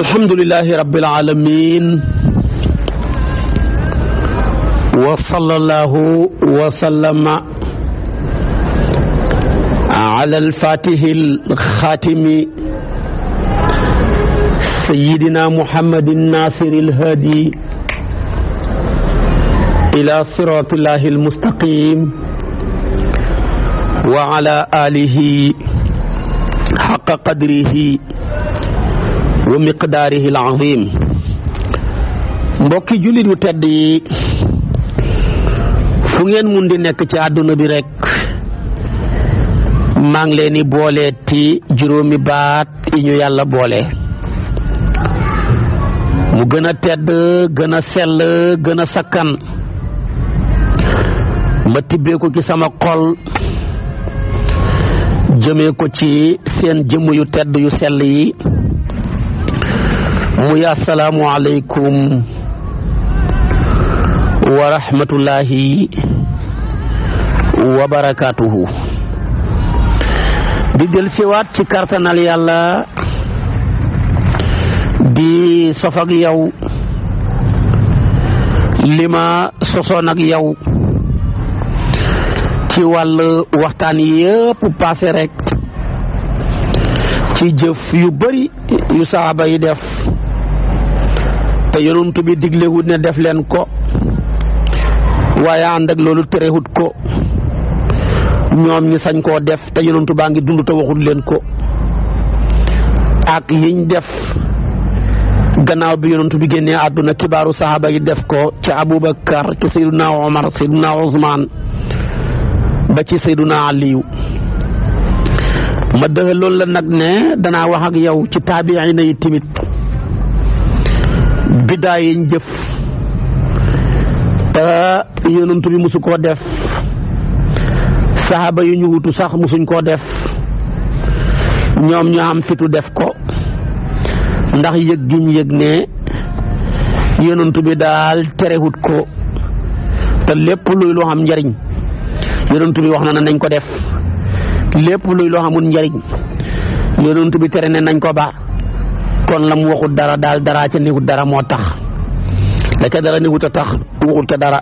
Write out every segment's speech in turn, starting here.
alhamdulilahi rabbil alamin wa sallallahu wa sallama ala alfatihil xaatimi sayidina muhammadin nasiril hadi ila siratillahi almustaqim wa ala alihi xaqa qadrihi wa miqdaarihi al azim mbokki jullit yu tedd yi fu ngeen mun di nekk ci àdduna bi rekk maa ngi leen di boole ti juróomi baat yi ñu yàlla boole mu gën a tedd gën a sell gën a sakkan ma tibbee ko ci sama xol jëmee ko ci seen jëmm yu tedd yu sell yi muy asalaamualeykum wa rahmatullahi wa barakaatuhu di del siwaat ci kartanal yàlla di sof ak yow li ma sosoon yow ci wàll waxtaan yëpp passé rek ci jëf yu bari yu saaba yi def te yonent bi diglewut ne def leen ko waaye ànd ak loolu terewut ko ñoom ñi sañ koo def te yonent baa ngi dund te waxut leen ko ak yiñ def gannaaw bi yonent bi génnee àdduna kibaaru saxaaba yi def ko ca Aboubacar ca Seyduna Omar Seyduna Ousmane ba ci Seyduna Aliyu ma dëxaloon la nag ne danaa wax ak yow ci taabiina yi tamit biddaa yiñ jëf te yonent bi mosu koo def saxaaba yu ñu wutu sax mosuñ koo def ñoom ñu am fitu def ko ndax yëg giñ yëg ne yonent bi daal terewut ko te lépp luy loo xam njariñ yonent bi wax na ne nañ ko def lépp luy loo xamul njariñ yonent bi tere ne nañ ko baax kon la mu waxut dara daal daraa ca néewut dara moo tax la ca dara néewut a tax waxut ca dara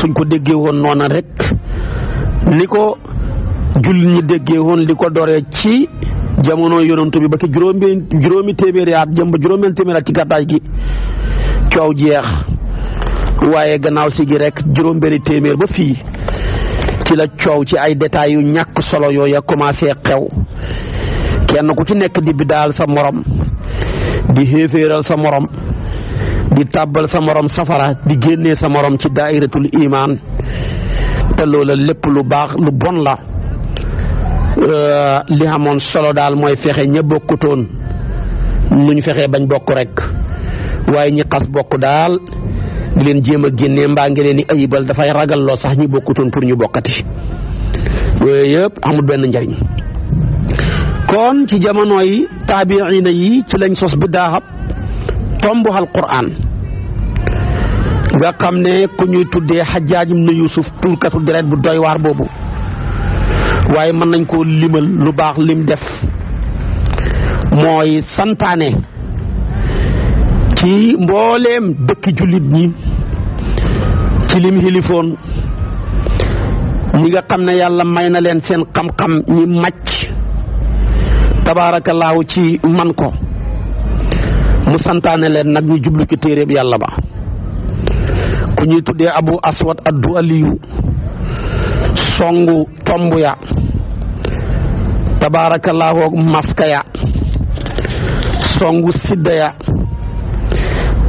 suñ ko déggee woon noona rek ni ko jullit ñi déggee woon li ko doree ci jamono yonantu bi ba ki juróomi juróomi téeméeri at jëm ba ci gàttaay gi coow jeex waaye gannaaw si rek juróom benni téeméer ba fii ci la coow ci ay détails yu ñàkk solo yooya commencé xew kenn ku ci nekk di daal sa morom di xéeféeral sa morom di tàbbal sa morom safara di génnee sa morom ci daairatul imaan te loola lépp lu baax lu bon la euh, li amoon solo daal mooy fexe ña bokkutoon nu ñu fexee bañ bokk rek waaye ñi xas bokk daal di leen jéem a génnee mbaa ngi leen di ayibal dafay ragal loo sax ñi bokkutoon pour ñu bokkati yooyu yëpp amul benn njañ kon ci jamono yi na yi ci lañ sos bi daaxab tombu alquraan nga xam ne ku ñuy tuddee xajaaj ibnu yusuf tuurkatu deret bu doy boobu waaye mën nañ koo limal lu baax lim def mooy santaane ci mbooleem dëkki jullit ñi ci lim xilifoon ñi nga xam ne yàlla may na leen seen xam-xam ñi màcc laaw ci man ko mu santaane leen nag ñu jublu ci téeréeb yàlla ba ku ñuy tuddee abu aswad addu aliyu songu tomb ya tabaarakallaahu maska ya songu sidda ya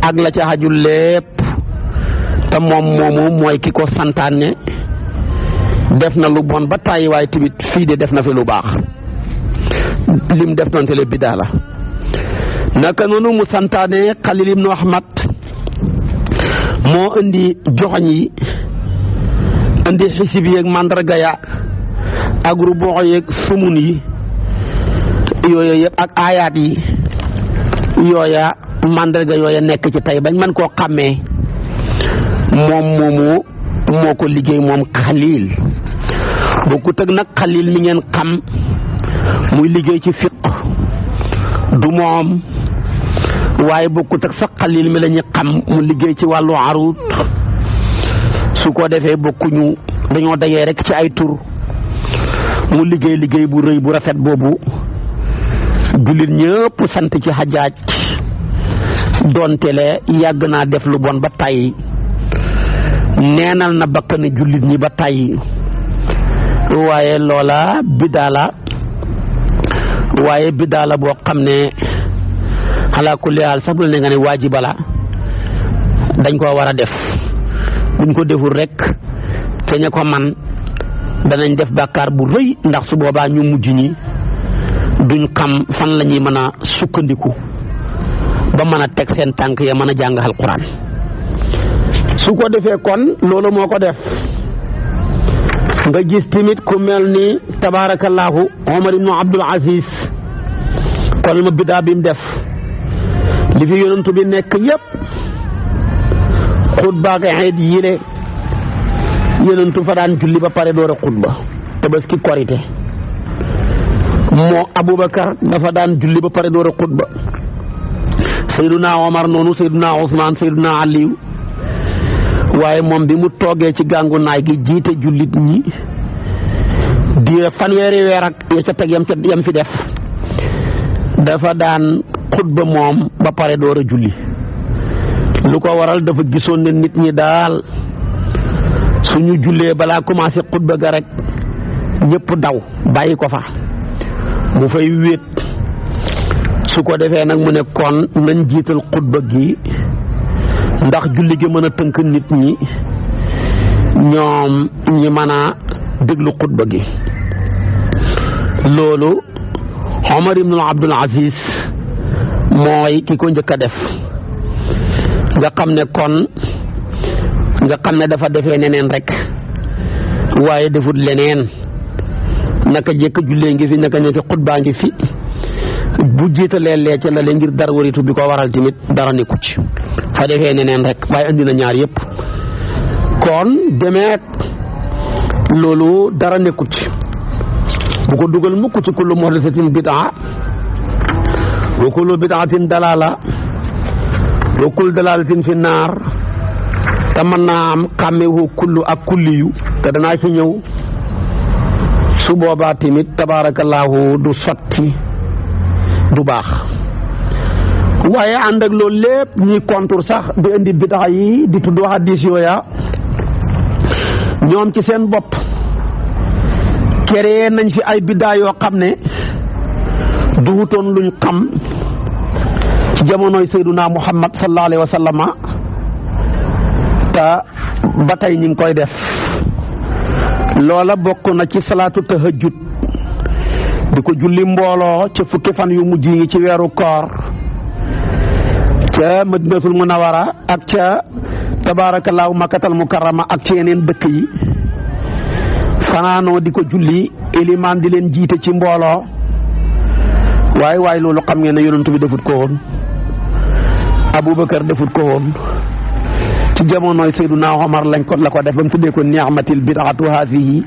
ak la ca xaju lépp te moom moomu mooy ki ko santaane def na lu bon ba tàyyi waaye fii de def na fi lu baax lim def noonu te le bidaa la naka noonu mu santaane Xalil ibnu Ahmad moo indi joxoñ yi indi xisib yeeg mandarga ya ak rubox yeeg sumun yi yooyu yëpp ak aayaat yi yooya mandarga yooya nekk ci tey bañ man koo xàmmee moom moomu moo ko liggéey moom Xalil bokkut ak nag Xalil mi ngeen xam muy liggéey ci fiq du moom waaye bokkut ak sa xalil mi la xam mu liggéey ci wàllu arut su ko defee bokkuñu dañoo dajee rek ci ay tur mu liggéey liggéey bu rëy bu rafet boobu jullit ñëpp sant ci xajaaj donte le yàgg naa def lu bon ba tàyyi neenal na bakkani jullit ñi ba tàyyi waaye loola bidaa waaye biddaa la boo xam ne ala kulli haal sax bu la ne nga ne waajiba dañ koo war a def buñ ko deful rek te ña ko man danañ def bàkkaar bu rëy ndax su boobaa ñu mujj ñi duñ xam fan la ñuy mën a sukkandiku ba mën a teg seen tànk ya mën a jàng alquran su ko defee kon loolu moo ko def nga gis tamit ku mel ni tabaarakallaahu Omar ibnu Abdul Aziz ma biddaa bi def li fi yonantu bi nekk yépp xutba ak xeet yile yonantu fa daan julli ba pare door a xutba tabaski korite moo Aboubacar dafa daan julli ba pare door a xutba Seyduna Omar noonu Seyduna Ousmane Seyduna Aliou waaye moom bi mu toogee ci gàngunaay naay gi jiite jullit ñi diira fanweeri weer ak ya ca teg yam fi def dafa daan xutba moom ba pare door a julli lu ko waral dafa gisoon ne nit ñi daal su ñu jullee balaa commencé xutba ga rek ñëpp daw bàyyi ko fa mu fay wéet su ko defee nag mu ne kon nañ jiital xutba gi ndax julli gi mën a tënk nit ñi ñoom ñi mën a déglu xutba gi loolu Omar ibnu Abdul Aziz mooy ki ko njëkk a def nga xam ne kon nga xam ne dafa defee neneen rek waaye defut leneen naka jekk jullee ngi fi naka ñetti xutbaa ngi fi bu jiitalee lee ca lale ngir dar waritu bi ko waral tamit dara nekku ci fa defee neneen rek waaye andi na ñaar yëpp kon demeet loolu dara nekku ci bu ko dugal mukk ci kullu muhdasatin bidaa wa kullu bidaatin dalaala wa kullu dalaalatin fi naar te mën naa am xàmmewu kullu ak kulli yu te danaa ci ñëw su boobaa tamit tabaarakallaahu du sotti du baax waaye ànd ak loolu lépp ñi contour sax di indi bidaa yi di tudd hadis yooya ñoom ci seen bopp créé nañ fi ay bidaa yoo xam ne du wutoon luñ xam ci jamonoy sayduna muhammad sallallahu alayhi wa sallama ngi koy def loola bokk na ci salaatu tahajjud di ko julli mbooloo ca fukki fan yu mujj yi ci weeru koor ca madinatul munawara ak ca tabaarakallaahu makkatal mukarrama ak ci yeneen dëkk yi fanaanoo di ko julli ilimaan di leen jiite ci mbooloo waaye waaye loolu xam ngeen ne yonent bi defut ko woon Aboubacar defut ko woon ci jamonoy Seydunaa Omar lañ ko la ko def ba mu tuddee ko ni'matil bid'atu haadihi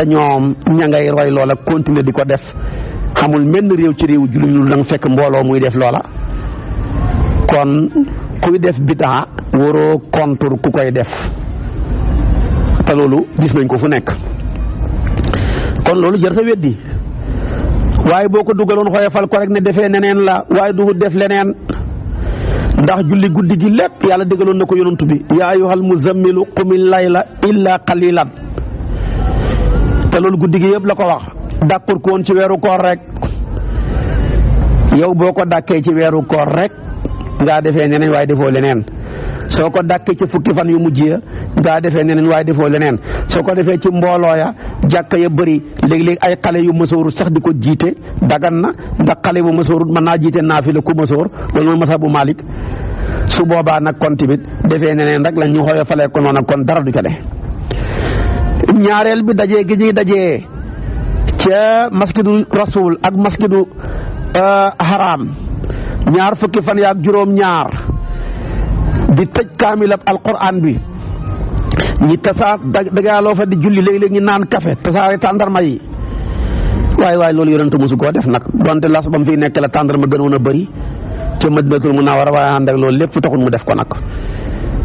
te ñoom ña ngay roy loola continuer di ko def xamul menn réew ci réewu jullit lu danga fekk mbooloo muy def loola kon kuy def bidaa waroo kontur ku koy def te loolu gis nañ ko fu nekk kon loolu jër sa weddi waaye boo ko dugaloon xoyofal ko rek ne defe neneen la waaye du def leneen ndax julli guddi gi lépp yàlla digaloon na ko yonantu bi yaa ayyuhal muzammilu qumil layla illa qalilan te loolu guddi gi yépp la ko wax dàqul ko ci weeru koor rek yow boo ko dàkkee ci weeru koor rek ngaa defee neneen waaye defoo leneen soo ko dàkkee ci fukki fan yu mujj ya ngaa defee neneen waaye defoo leneen soo ko defee ci mbooloo ya jàkka ya bëri léeg-léeg ay xale yu mësooru sax di ko jiite dagan na ndax xale bu mësooru mën naa jiite la ku mësoor loolu mooy bu Malik su boobaa nag kon tamit defee neneen rek la ñu xoolee falee ko noonu kon dara du ca ne ñaareel bi daje gi ñuy dajee ca masjidu rasul ak masjidu euh, haram ñaar fukki fan yaak juróom ñaar di tëj kaamilab alquran bi ñi tasaa dagaaloo fa di julli léegi-léegi ñu naan kafe tasaare tàndarma yi waaye waaye loolu yonentu mosu koo def nag donte las ba mu fiy nekk la tàndarma gënoon a bëri ca madinatul munawara waaye ànd ak loolu lépp taxul mu def ko nag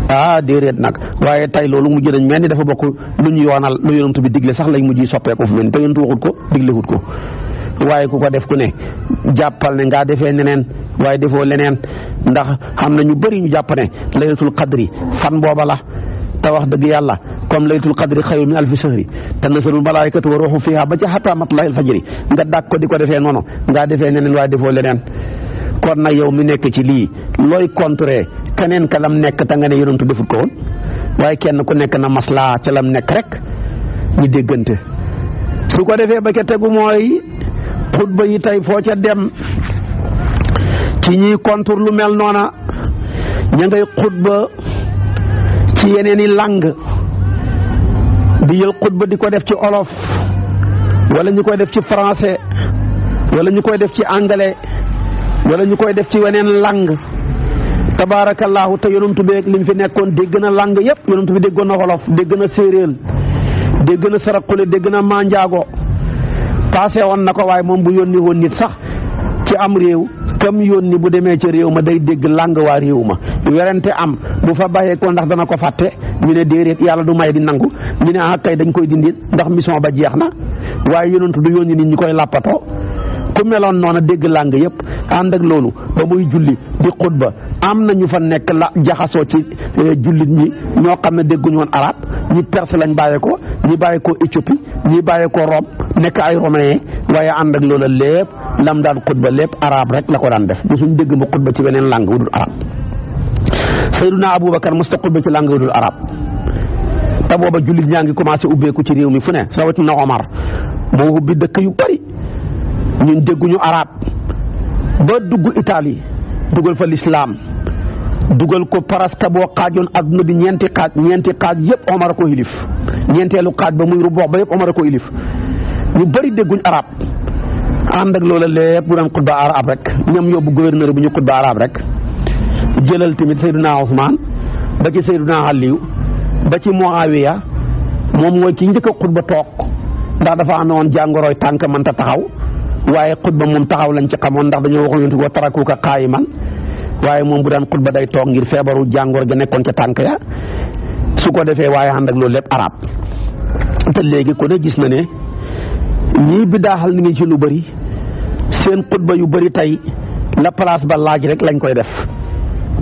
ah déedéet nag waaye tay loolu mujj nañ mel ni dafa bokk lu ñu yoonal lu ñu yonent bi digle sax lañ mujj soppeeku fu mel ni te yonent waxut ko diglewut ko waaye ku ko def ku ne jàppal ne ngaa defee neneen waaye defoo leneen ndax xam na ñu bëri ñu jàpp ne laylatul qadri fan booba la te wax dëgg yàlla comme laylatul qadri xayru min alfi sahri tanazzalu malaikatu wa ruuhu fiha ba ca xataa matla'il fajri nga dàkk ko di ko defee noonu ngaa defee neneen waaye defoo leneen kon nag yow mi nekk ci lii looy contrer keneen ka lam nekk ta nga ne yonantu defut ko waaye kenn ku nekk na maslaa ca lam nekk rek ñu déggante su ko defee ba ca tegu mooy xutba yi tay foo ca dem ci ñuy contour lu mel noona ña ngay xutba ci yeneen i làng di jël xutba di ko def ci olof wala ñu koy def ci français wala ñu koy def ci anglais wala ñu koy def ci weneen lang tabaarakallaahu te yonantu beeg lim fi nekkoon dégg na lang yëpp yonantu bi déggoon na xolof dégg na séeréel dégg na sarakule dégg na manjaago paase woon na ko waaye moom bu yónni woon nit sax ci am réew kam yónni bu demee ca réew ma day dégg lang waa réew ma werante am bu fa bàyyee ko ndax dana ko fàtte ñu ne déedéet yàlla du may di nangu ñu ne ah kay dañ koy dindi ndax mission ba jeex na waaye yonantu du yónni nit ñi koy làppatoo ku meloon noona dégg lang yëpp ànd ak loolu ba muy julli am na ñu fa nekk la jaxasoo ci eh, jullit ñi ñoo xam ne dégguñu woon arab ñi perse lañ bàyyee ko ñi bàyyee ko Éthiopie ñi bàyyee ko Rome nekk ay romain waaye ànd ak loola lépp lam daan xutba lépp arab rek la ko daan def mosuñ dégg mu xutba ci beneen langue wudul arab Sayyiduna Abubakar mos ta xutba ci langue wudul arab te booba jullit ñaa ngi commencé ubbeeku ci réew mi fu ne rawatina Omar moo ubbi dëkk yu bari ñun dégguñu arab ba dugg Italie dugal fa lislaam dugal ko parasta boo xaajoon adduna bi ñeenti xaaj ñeenti xaaj yëpp omar a ko ilif ñeenteelu xaaj ba muy ruboox ba yëpp omar a ko ilif ñu bëri dégguñ arab ànd ak loola lépp bu doon xutba arab rek ñoom yóbbu gouverneur bu ñu xutba arab rek jëlal tamit Seyduna Ousmane ba ci Seyduna Aliyu ba ci Muawiya moom mooy ki njëkk a xutba toog ndax dafa woon jàngoroy tànk mënta taxaw waaye xutba moom taxaw lañ ci xamoon ndax dañoo waxoon yontu ko tarakuuka qaayiman waaye moom bu daan xutba day toog ngir feebaru jàngoor ja nekkoon ca tànk ya su ko defee waaye ànd ak loolu lépp arab te léegi ku ne gis na ne ñii bi daaxal ni ngi ci lu bari seen xutba yu bari tey la place ba laaj rek lañ koy def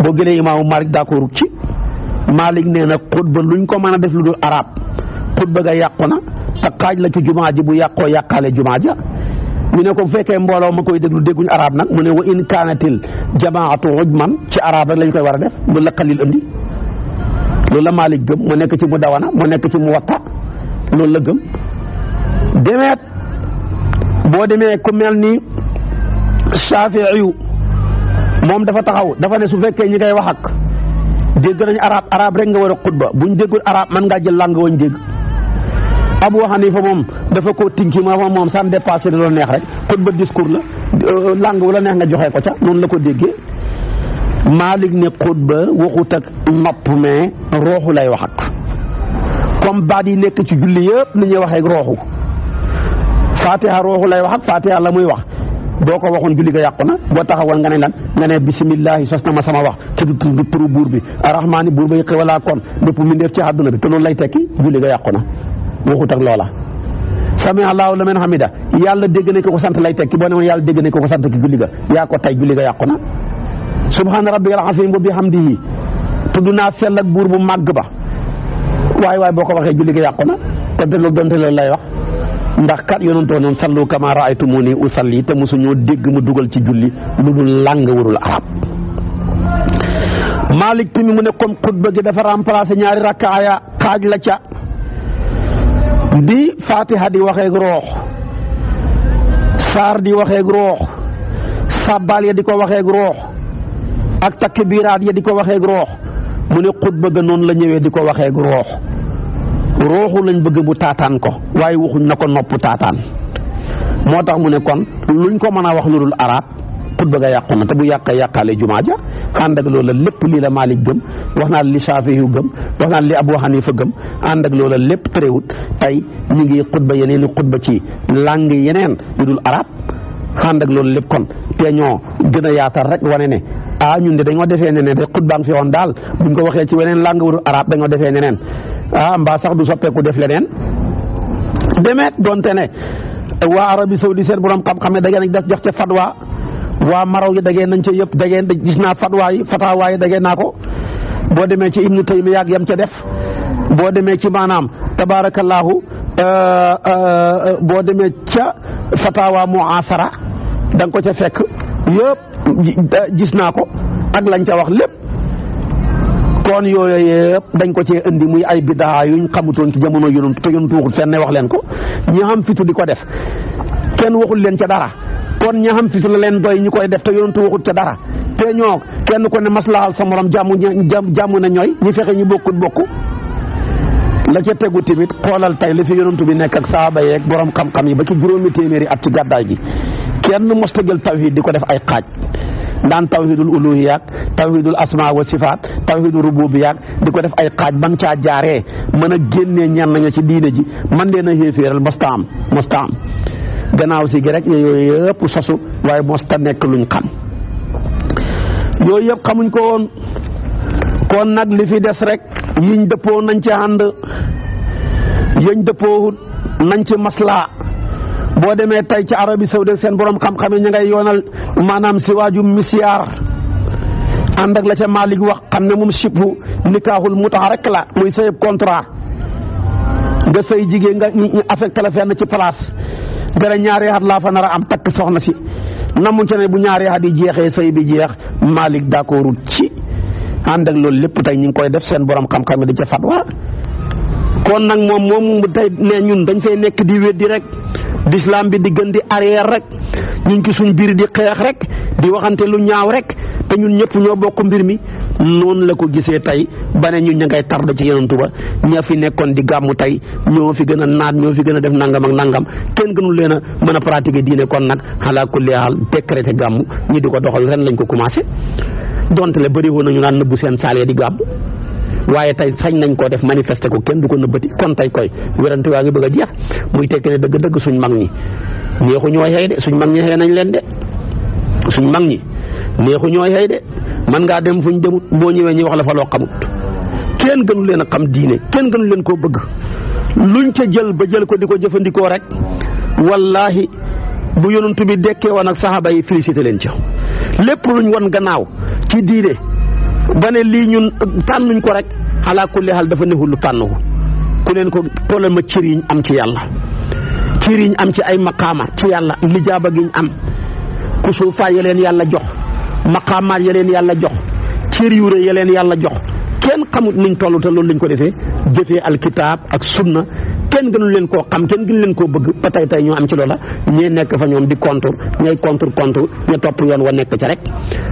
boo gënee imaamu Malik d'accord ci Malik nee nag xutba luñ ko mën a def lu dul arab xutba ga yàqu na te xaaj la ci jumaa ji bu yàqoo yàqaale jumaa ja ñu ne ko bu fekkee mbooloo ma koy déglu dégguñu araab nag mu ne wa in kaanatil jamaatu man ci arab rek lañ koy war a def loolu la xalil andi loolu la Maalik gëm mu nekk ci mu dawana mu nekk ci mu watta loolu la gëm demeet boo demee ku mel ni Shaafi'i moom dafa taxaw dafa ne su fekkee ñi ngay wax ak dégg nañu arab arab rek nga war a xutba buñ déggul arab mën ngaa jël làng wañ dégg Abu Hanifa moom dafa ko tinki ma fa moom sam dépassé da doon neex rek kon ba discours la euh, langue wala neex nga joxe ko ca noonu la ko déggee Malik ne xutba waxut ak nopp mais rooxu lay wax ak comme baat yi nekk ci julli yëpp ni ñuy waxee ak rooxu Fatiha lay wax ak Fatiha la muy wax boo ko waxoon julli ga yàqu na boo taxawoon nga ne lan nga ne bisimillahi sos na ma sama wax ci du turu buur bi arrahmaani buur bay xewalaa kon bépp mindeef ci àdduna bi te loolu lay tekki julli ga yàqu na waxut ak loola sami allahu liman hamida yàlla dégg na ki ko sant lay tekki boo ne ma yàlla dégg na ki ko sant ki julli ga yaa ko tay julli ga yàqu na subhaana rabbika al-azim wa bihamdihi tudd naa sell ak buur bu màgg ba waaye waaye boo ko waxee julli ga yàqu na te de loolu donte loolu lay wax ndax kat yonantoo noon sallu kama raaytumuni usalli te mosuñoo dégg mu dugal ci julli lu dul làng warul arab Malik timi mu ne comme xutba gi dafa remplacé bi fatiha di waxeeg roox saar di waxeeg roox sabbal ya di ko waxeeg roox ak takk takbiraat ya di ko waxeeg roox mu ne xutba ga noonu la ñëwee di ko waxeeg roox rooxu lañ bëgg bu taataan ko waaye waxuñ na ko noppu taataan moo tax mu ne kon luñ ko mën a wax lu dul arab xutba ga yàqu te bu yàqee yàqaale jumaa ja ànd ak loola lépp lii la Maalik gëm wax li Saafi yu gëm wax naa li Abu Hanifa gëm ànd loola lépp tëréwut tey ñu ngi xutba yeneen i xutba ci làng yeneen yu dul arab ànd loolu lépp kon te ñoo gën a yaatal rek wane ne ah ñu de dañoo defee neneen rek xutba ngi fi woon daal buñ ko waxee ci weneen làng wu dul dañoo defee neneen ah mbaa sax du soppeeku def leneen demeet donte ne waa Arabie Saoudite seen borom xam-xam ne da ngeen jox ca fatwa waa maraw yi dagee nañ ca yëpp dagee gis naa fatwa yi fatwa yi naa ko boo demee ci ibnu taymiya ak yam ca def boo demee ci maanaam tabaarakallaahu euh, euh, boo demee ca fatawa muasara da nga ko ca fekk yëpp gis naa ko ak lañ ca wax lépp kon yooyu yëpp dañ ko cee indi muy ay biddaa yuñ xamutoon ci jamono yonent te yonent waxul fenn wax leen ko ñi xam fitu di ko def kenn waxul leen ca dara kon ña xam fisu la leen boy ñu koy def te yonentu waxut ca dara te ñoo kenn ko ne maslaal sa morom jàmm jàmm na ñooy ñu fexe ñu bokkut bokk la ca tegu tamit xoolal tey li fi yonentu bi nekk ak saaba yeeg borom xam-xam yi ba ci juróomi téeméeri at ci gàddaay gi kenn mosta jël taw tawhid di ko def ay xaaj daan tawhidul uluhiya ak tawhidul asma wa sifaat tawhidul rububiya di ko def ay xaaj ban caa jaaree mën a génnee ñenn ña ci diine ji man dee na xéeféeral mosta am mosta am gannaaw si gi rek ne yooyu yëpp sosu waaye mosta nekk luñ xam yooyu yëpp xamuñ ko woon kon nag li fi des rek yiñ dëppoo nañ ci ànd yëñ dëppoo nañ ci maslaa boo demee tey ci Arabie Saoudite seen borom xam-xame ñu yoonal maanaam si waaju misiyaar ànd ak la ca Malik wax xam ne moom sippu nikaaxul tax rek la muy sëyëb contrat nga sëy jigéen nga affecté la fenn ci place dara ñaari at laa fa nar am takk soxna si namuñ ci bu ñaari at yi jeexee sëy bi jeex Malick d'accordul ci ànd ak loolu lépp tey ñu ngi koy def seen borom xam-xam yi di ca fatwa kon nag moom moom tey ne ñun dañ fay nekk di weddi rek l'islam bi di gën di arrière rek ñun ci suñ biir di xeex rek di waxante lu ñaaw rek te ñun ñëpp ñoo bokk mbir mi noonu la ko gisee tey ba ne ñu ña tarde ci yonantu ba ña fi nekkoon di gàmmu tey ñoo fi gën a naat ñoo fi gën a def nangam ak nangam kenn gënul leen a mën a pratiquer diine kon nag ala kulli haal décrété gàmmu ñi di ko doxal ren lañ ko commencé donte le bëri woon nañu naan nëbbu seen saal di gàmm waaye tey sañ nañ koo def manifester ko kenn du ko nëbbati kon tey koy werante waa ngi bëgg a jeex muy tekki ne dëgg-dëgg suñ mag ñi neexu ñooy xëy de suñ mag man ngaa dem fu ñu demut boo ñëwee ñu wax la fa loo xamut kenn gënu leen a xam diine kenn gënu leen koo bëgg luñ ca jël ba jël ko di ko jëfandikoo rek wallaahi bu yonent bi dekkee woon ak saxaaba yi félicité leen ca lépp luñ won gannaaw ci diine ba ne lii ñun tànnuñ ko rek xalaa kulli leexal dafa neexul lu tànn ko ku leen ko tollal ma cër yiñ am ci yàlla cër yiñ am ci ay makaama ci yàlla lijaaba giñ am ku suufaa yi leen yàlla jox maqaamaat ya leen yàlla jox cër yu rëy ya leen yàlla jox kenn xamut niñ toll te loolu lañ ko defee jëfee alkitaab ak sunna kenn gënu leen koo xam kenn gënu leen koo bëgg ba tey tey ñoo am ci loola ñee nekk fa ñoom di contre ñay contre contour ña topp yoon wa nekk ca rek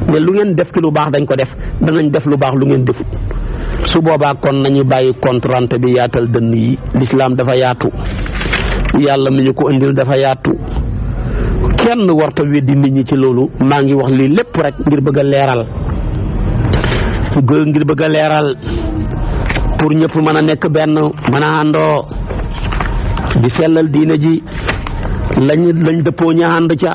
mais lu ngeen def ci lu baax dañ ko def danañ def lu baax lu ngeen defut su boobaa kon nañu bàyyi contrante bi yaatal dënn yi lislaam dafa yaatu yàlla mi ñu ko indil dafa yaatu kenn warta weddi nit ñi ci loolu maa ngi wax lii lépp rek ngir bëgg a leeral ngir bëgg a leeral pour ñëpp mën a nekk benn mën a àndoo di sellal diine ji lañ lañ dëppoo ñaand ca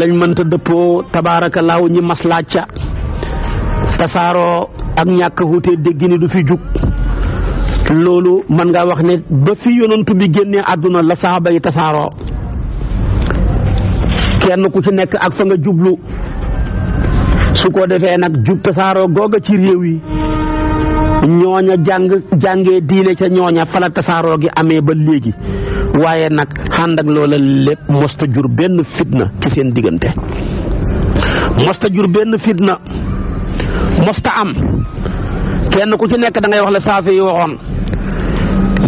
lañ mënta dëppoo tabaaraka laaw ñi maslaaj ca tasaaroo ak ñàkk wuute dégg ni du fi jug loolu mën ngaa wax ne ba fi yonantu bi génnee àdduna la saaba yi tasaaroo kenn ku ci nekk ak fa nga jublu su ko defee nag jub tasaaroo googa ci réew yi ñooña jàng jàngee diine ca ñooña fala tasaaroo gi amee ba léegi waaye nag ànd ak lépp mosta jur benn fitna ci seen diggante mosta jur benn fitna mosta am kenn ku ci nekk dangay wax la saafi yi waxoon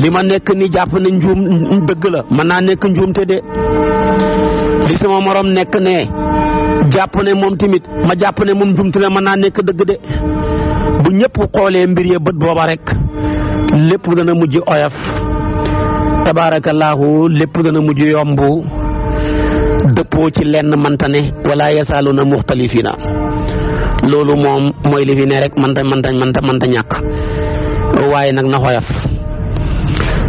li ma nekk ni jàpp ne njuum dëgg la mën naa nekk njuumte de li sama morom nekk ne jàpp ne moom tamit ma jàpp ne moom njumtu ne mën naa nekk dëgg de bu ñëpp xoolee mbir ya bët booba rek lépp dana mujj oyof tabaarakallaahu lépp dana mujj yomb dëppoo ci lenn manta ne wala yasaaluna muxtalifiina loolu moom mooy li fi ne rek manta manta manta manta ñàkk waaye nag na xoyaf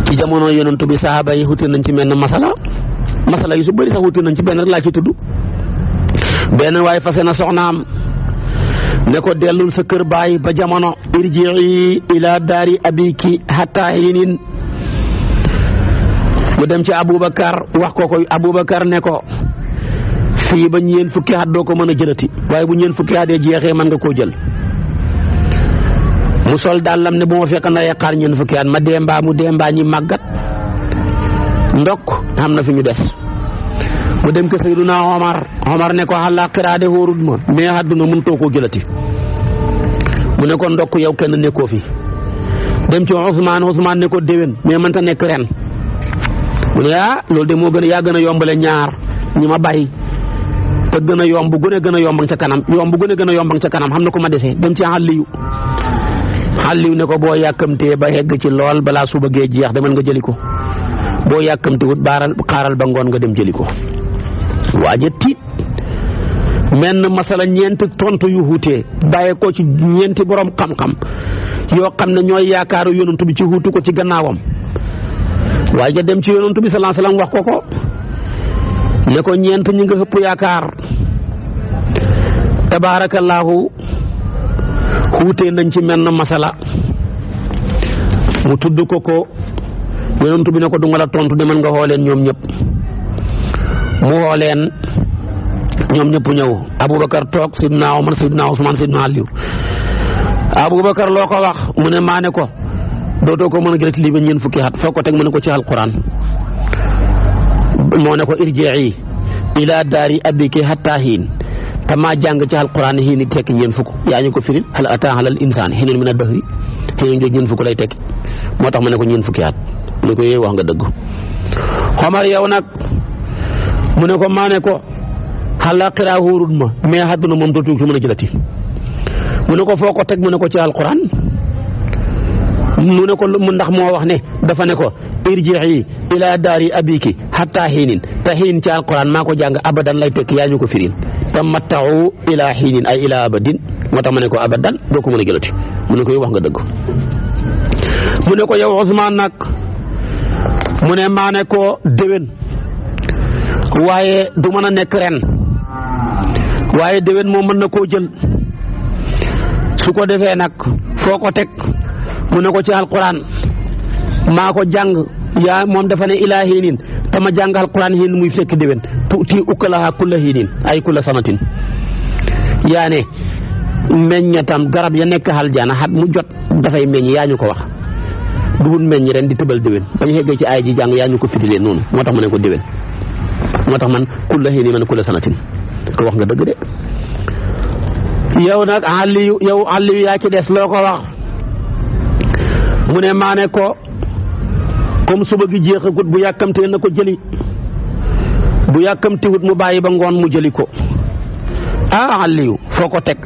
ci jamono yonent bi saxaaba yi nañ ci menn masala masala yi su bëri sax wuti nañ ci benn rek laa ci tudd benn waaye fase na soxnaam ne ko dellul sa kër baay ba jamono irjii ila daari abiki hatta hinin mu dem ci aboubacar wax koo ko aboubacar ne ko fii ba ñeen fukki at doo ko mën a jëlati waaye bu ñeen fukki at dee jeexee mën nga koo jël mu sol lam ne bu ma fekk na yaqaar ñeen fukki at ma dee mbaa mu dee ñi màggat ndokk xam na fi ñu des mu dem ke Seyduna Omar Omar ne ko àllaaxira de wóorut ma mais àdduna mënutoo koo jëlati mu ne ko ndokk yow kenn nekkoo fi dem ci Ousmane Ousmane ne ko déwén mais mënta nekk ren ah, loolu de moo gën a yaa gën a yombale ñaar ñi ma bàyyi te gën yomb gën a gën a yomb ca kanam yomb gën a gën a yomb ca kanam xam na ko ma dese dem ci Aliyu Aliyu ne ko boo yàkkamtee ba egg ci lool balaa suba gee jeex demal nga jëli ko. boo yàkkamtiwut baaral xaaral ba ngoon nga dem jëli ko waaja tiit menn masala ñeenti tontu yu wuute bàyyi ko ci ñeenti borom xam-xam yoo xam ne ñooy yaakaaru yonantu bi ci wuutu ko ci gannaawam waaja dem ci yonantu bi sallallahu alayhi wax ko ko ne ko ñeent ñi nga xëpp yaakaar tabaarakallaahu wuute nañ ci menn masala mu tudd ko ko yonent bi ne ko du a tontu demal nga xooleen ñoom ñëpp mu xooleen ñoom ñëpp ñëw Aboubacar toog Sidna Omar Sidna Ousmane Sidna Aliou Aboubacar loo ko wax mu maa ne ko dootoo ko mën a gërës lii ba ñeent fukki at foo ko teg mu ne ko ci alquran moo ne ko irji'i ila daari abiki hatta hiin te maa jàng ci alquran hiin it tekki ñeent fukk yaa ñu ko firil hal ata alal insaan hiinun min ad-dahri hiinun ñeent fukk lay tekk moo tax mu ne ko ñeent fukki at. ne ko yee wax nga dëgg yow nag mu ne ko maa ne ko xala xiraa wóorut ma mais àdduna moom dootu ci mën a jëlati mu ne ko foo ko teg mu ne ko ci alquran mu ne ko mu ndax moo wax ne dafa ne ko irji'i ila daari abiki hatta hiinin te hiin ci alquran maa ko jàng abadan lay tekk yaa ñu ko firin tamatta'u ila hiinin ay ila abadin moo tax ma ne ko abadan doo ko mën mu ne ko yow wax nga dëgg nag mu ne maa ne ko déwén waaye du mën a nekk ren waaye déwén moom mën na koo jël su ko defee nag foo ko teg mu ne ko ci alquran maa ko jàng yaa moom dafa ne ilaa hiinin tama jàng alquran hiin muy fekk déwén tuuti ukalaha kulla hiinin ay kulla sanatin yaa ne meññatam garab ya nekk aljana xat mu jot dafay meññ yaa ñu ko wax duhun meññ ren di tëbal déwén ba ñu xeggee ci aay ji jàng yaa ñu ko firilee noonu moo tax mu ne ko moo tax man kulla xiini man kulla sanatin ko wax nga dëgg de yow nag Aliou yow Aliou yaa ci des loo ko wax mu ne maa ne ko comme suba gi jeexagut bu yàkkamtee na ko jëli bu yàkkamtewut mu bàyyi ba ngoon mu jëli ko ah Aliou foo ko teg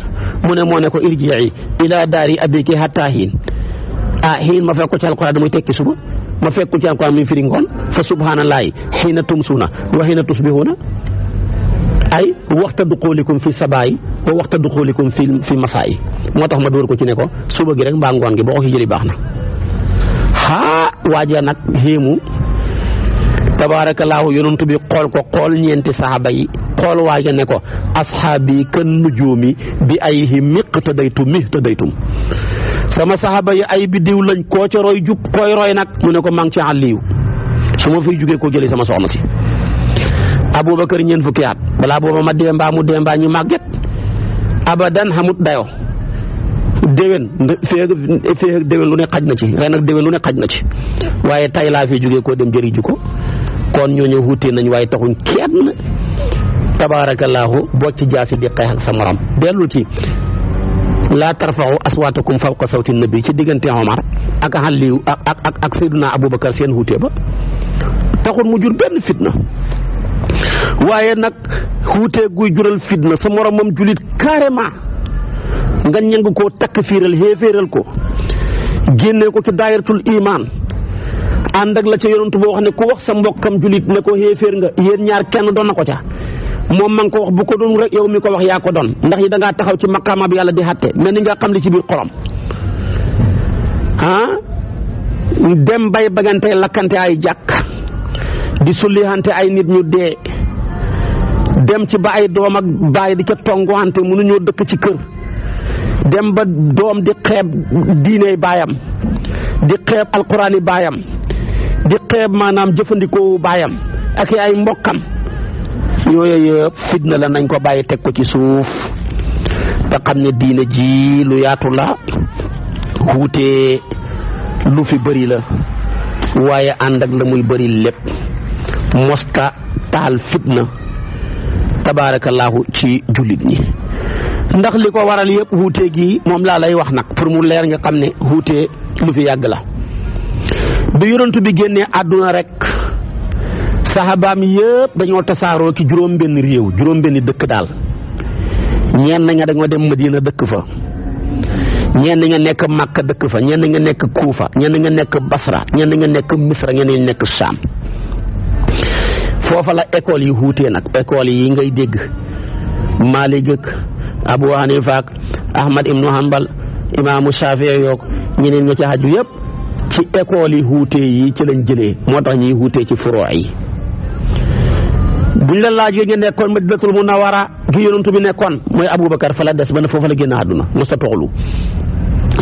mu ne moo ne ko irjii ila daari abiki hatta hiin ah xiin ma fekk ko ci alquran muy tekki suba ma fekk ko ci alquran muy firi ngoon fa subhanallahi xiina tumsuuna wa xiina tusbihuuna ay waxta duqulikum fi sabaayi wa waxta duqulikum fi fi masaayi moo tax ma dóor ko ci ne ko suba gi rek mbaa ngoon gi boo ko ci jëli baax na xaa waaja nag xiimu tabaarakallaahu yonent bi xool ko xool ñeenti saxaaba yi xool waaja ne ko asxaabi kan nujuumi bi ayhi miqtadaytu mihtadaytum sama saxaaba yi ay biddiw lañ koo ca roy jub koy roy nag mu ne ko maa ngi ci àlliyu su ma fiy jugee koo jële sama soxna si Abubakar ñeent fukki at balaa booba ma demba mu dembaa ñu màgget abadan xamut dayo déwén feeg feeg déwén lu ne xaj na ci ren ak déwén lu ne xaj na ci waaye tay laa fi jugee koo dem jëri ji ko ñoo ñooñu wuute nañ waaye taxuñ kenn tabaarakallaahu boo ci jaasi di xeex ak sa morom dellu ci laa tarfaxu aswaatakum fawqa sawti nabi ci diggante Omar ak ak ak ak ak Seyduna Aboubacar seen wuute ba taxul mu jur benn fitna waaye nag wuute guy jural fitna sa moromam julit carrément nga ñëng ko takk fiiral xéeféeral ko génnee ko ci daayiratul imaan ànd ak la ca yonantu boo xam ne ku wax sa mbokkam julit ne ko xéeféer nga yéen ñaar kenn doon na ko ca moom ma nga ko wax bu ko doon rek yow mi ko wax yaa ko doon ndax yi da taxaw ci maqaama bi yàlla di xàtte mel ni nga xam li ci biir xolam ah dem bay bagante lakkante ay jàkk di sullihante ay nit ñu dee dem ci ba ay doom ak baay di ca tonguwante mënuñoo dëkk ci kër dem ba doom di xeeb diine baayam di xeeb alquraani baayam di xeeb maanaam jëfandikoo baayam ak ay mbokkam yooyu yëpp fitna la nañ ko bàyyi teg ko ci suuf te xam ne diine ji lu yaatu la wuute lu fi bari la waaye ànd ak la muy bari lépp mosta taal fitna tabaarakallaahu ci jullit ñi ndax li ko waral yëpp wuute gi moom laa lay wax nag pour mu leer nga xam ne wuute lu fi yàgg la bi yonent bi génnee àdduna rek saxaabaam yëpp dañoo tasaaroo ci juróom-benn réew juróom-benn dëkk daal ñenn ña dañoo dem Madina dëkk fa ñenn ña nekk Makka dëkk fa ñenn ña nekk Kuufa ñenn ña nekk Basra ñenn ña nekk Misra ñenn ña nekk Saam foofa la école yi wuutee nag école yi ngay dégg Maalik ak Abu Hanifa ak Ahmad ibnu Hanbal imaamu Shafii yook ñeneen ña ci xaju yëpp ci école yi wuutee yi ci lañ jëlee moo tax ñuy wuutee ci furoo yi buñ la laajee ñu nekkoon Madinatul Munawwara gi yonantu bi nekkoon mooy Aboubacar fa la des ba ne foofu la génn àdduna mos a toxlu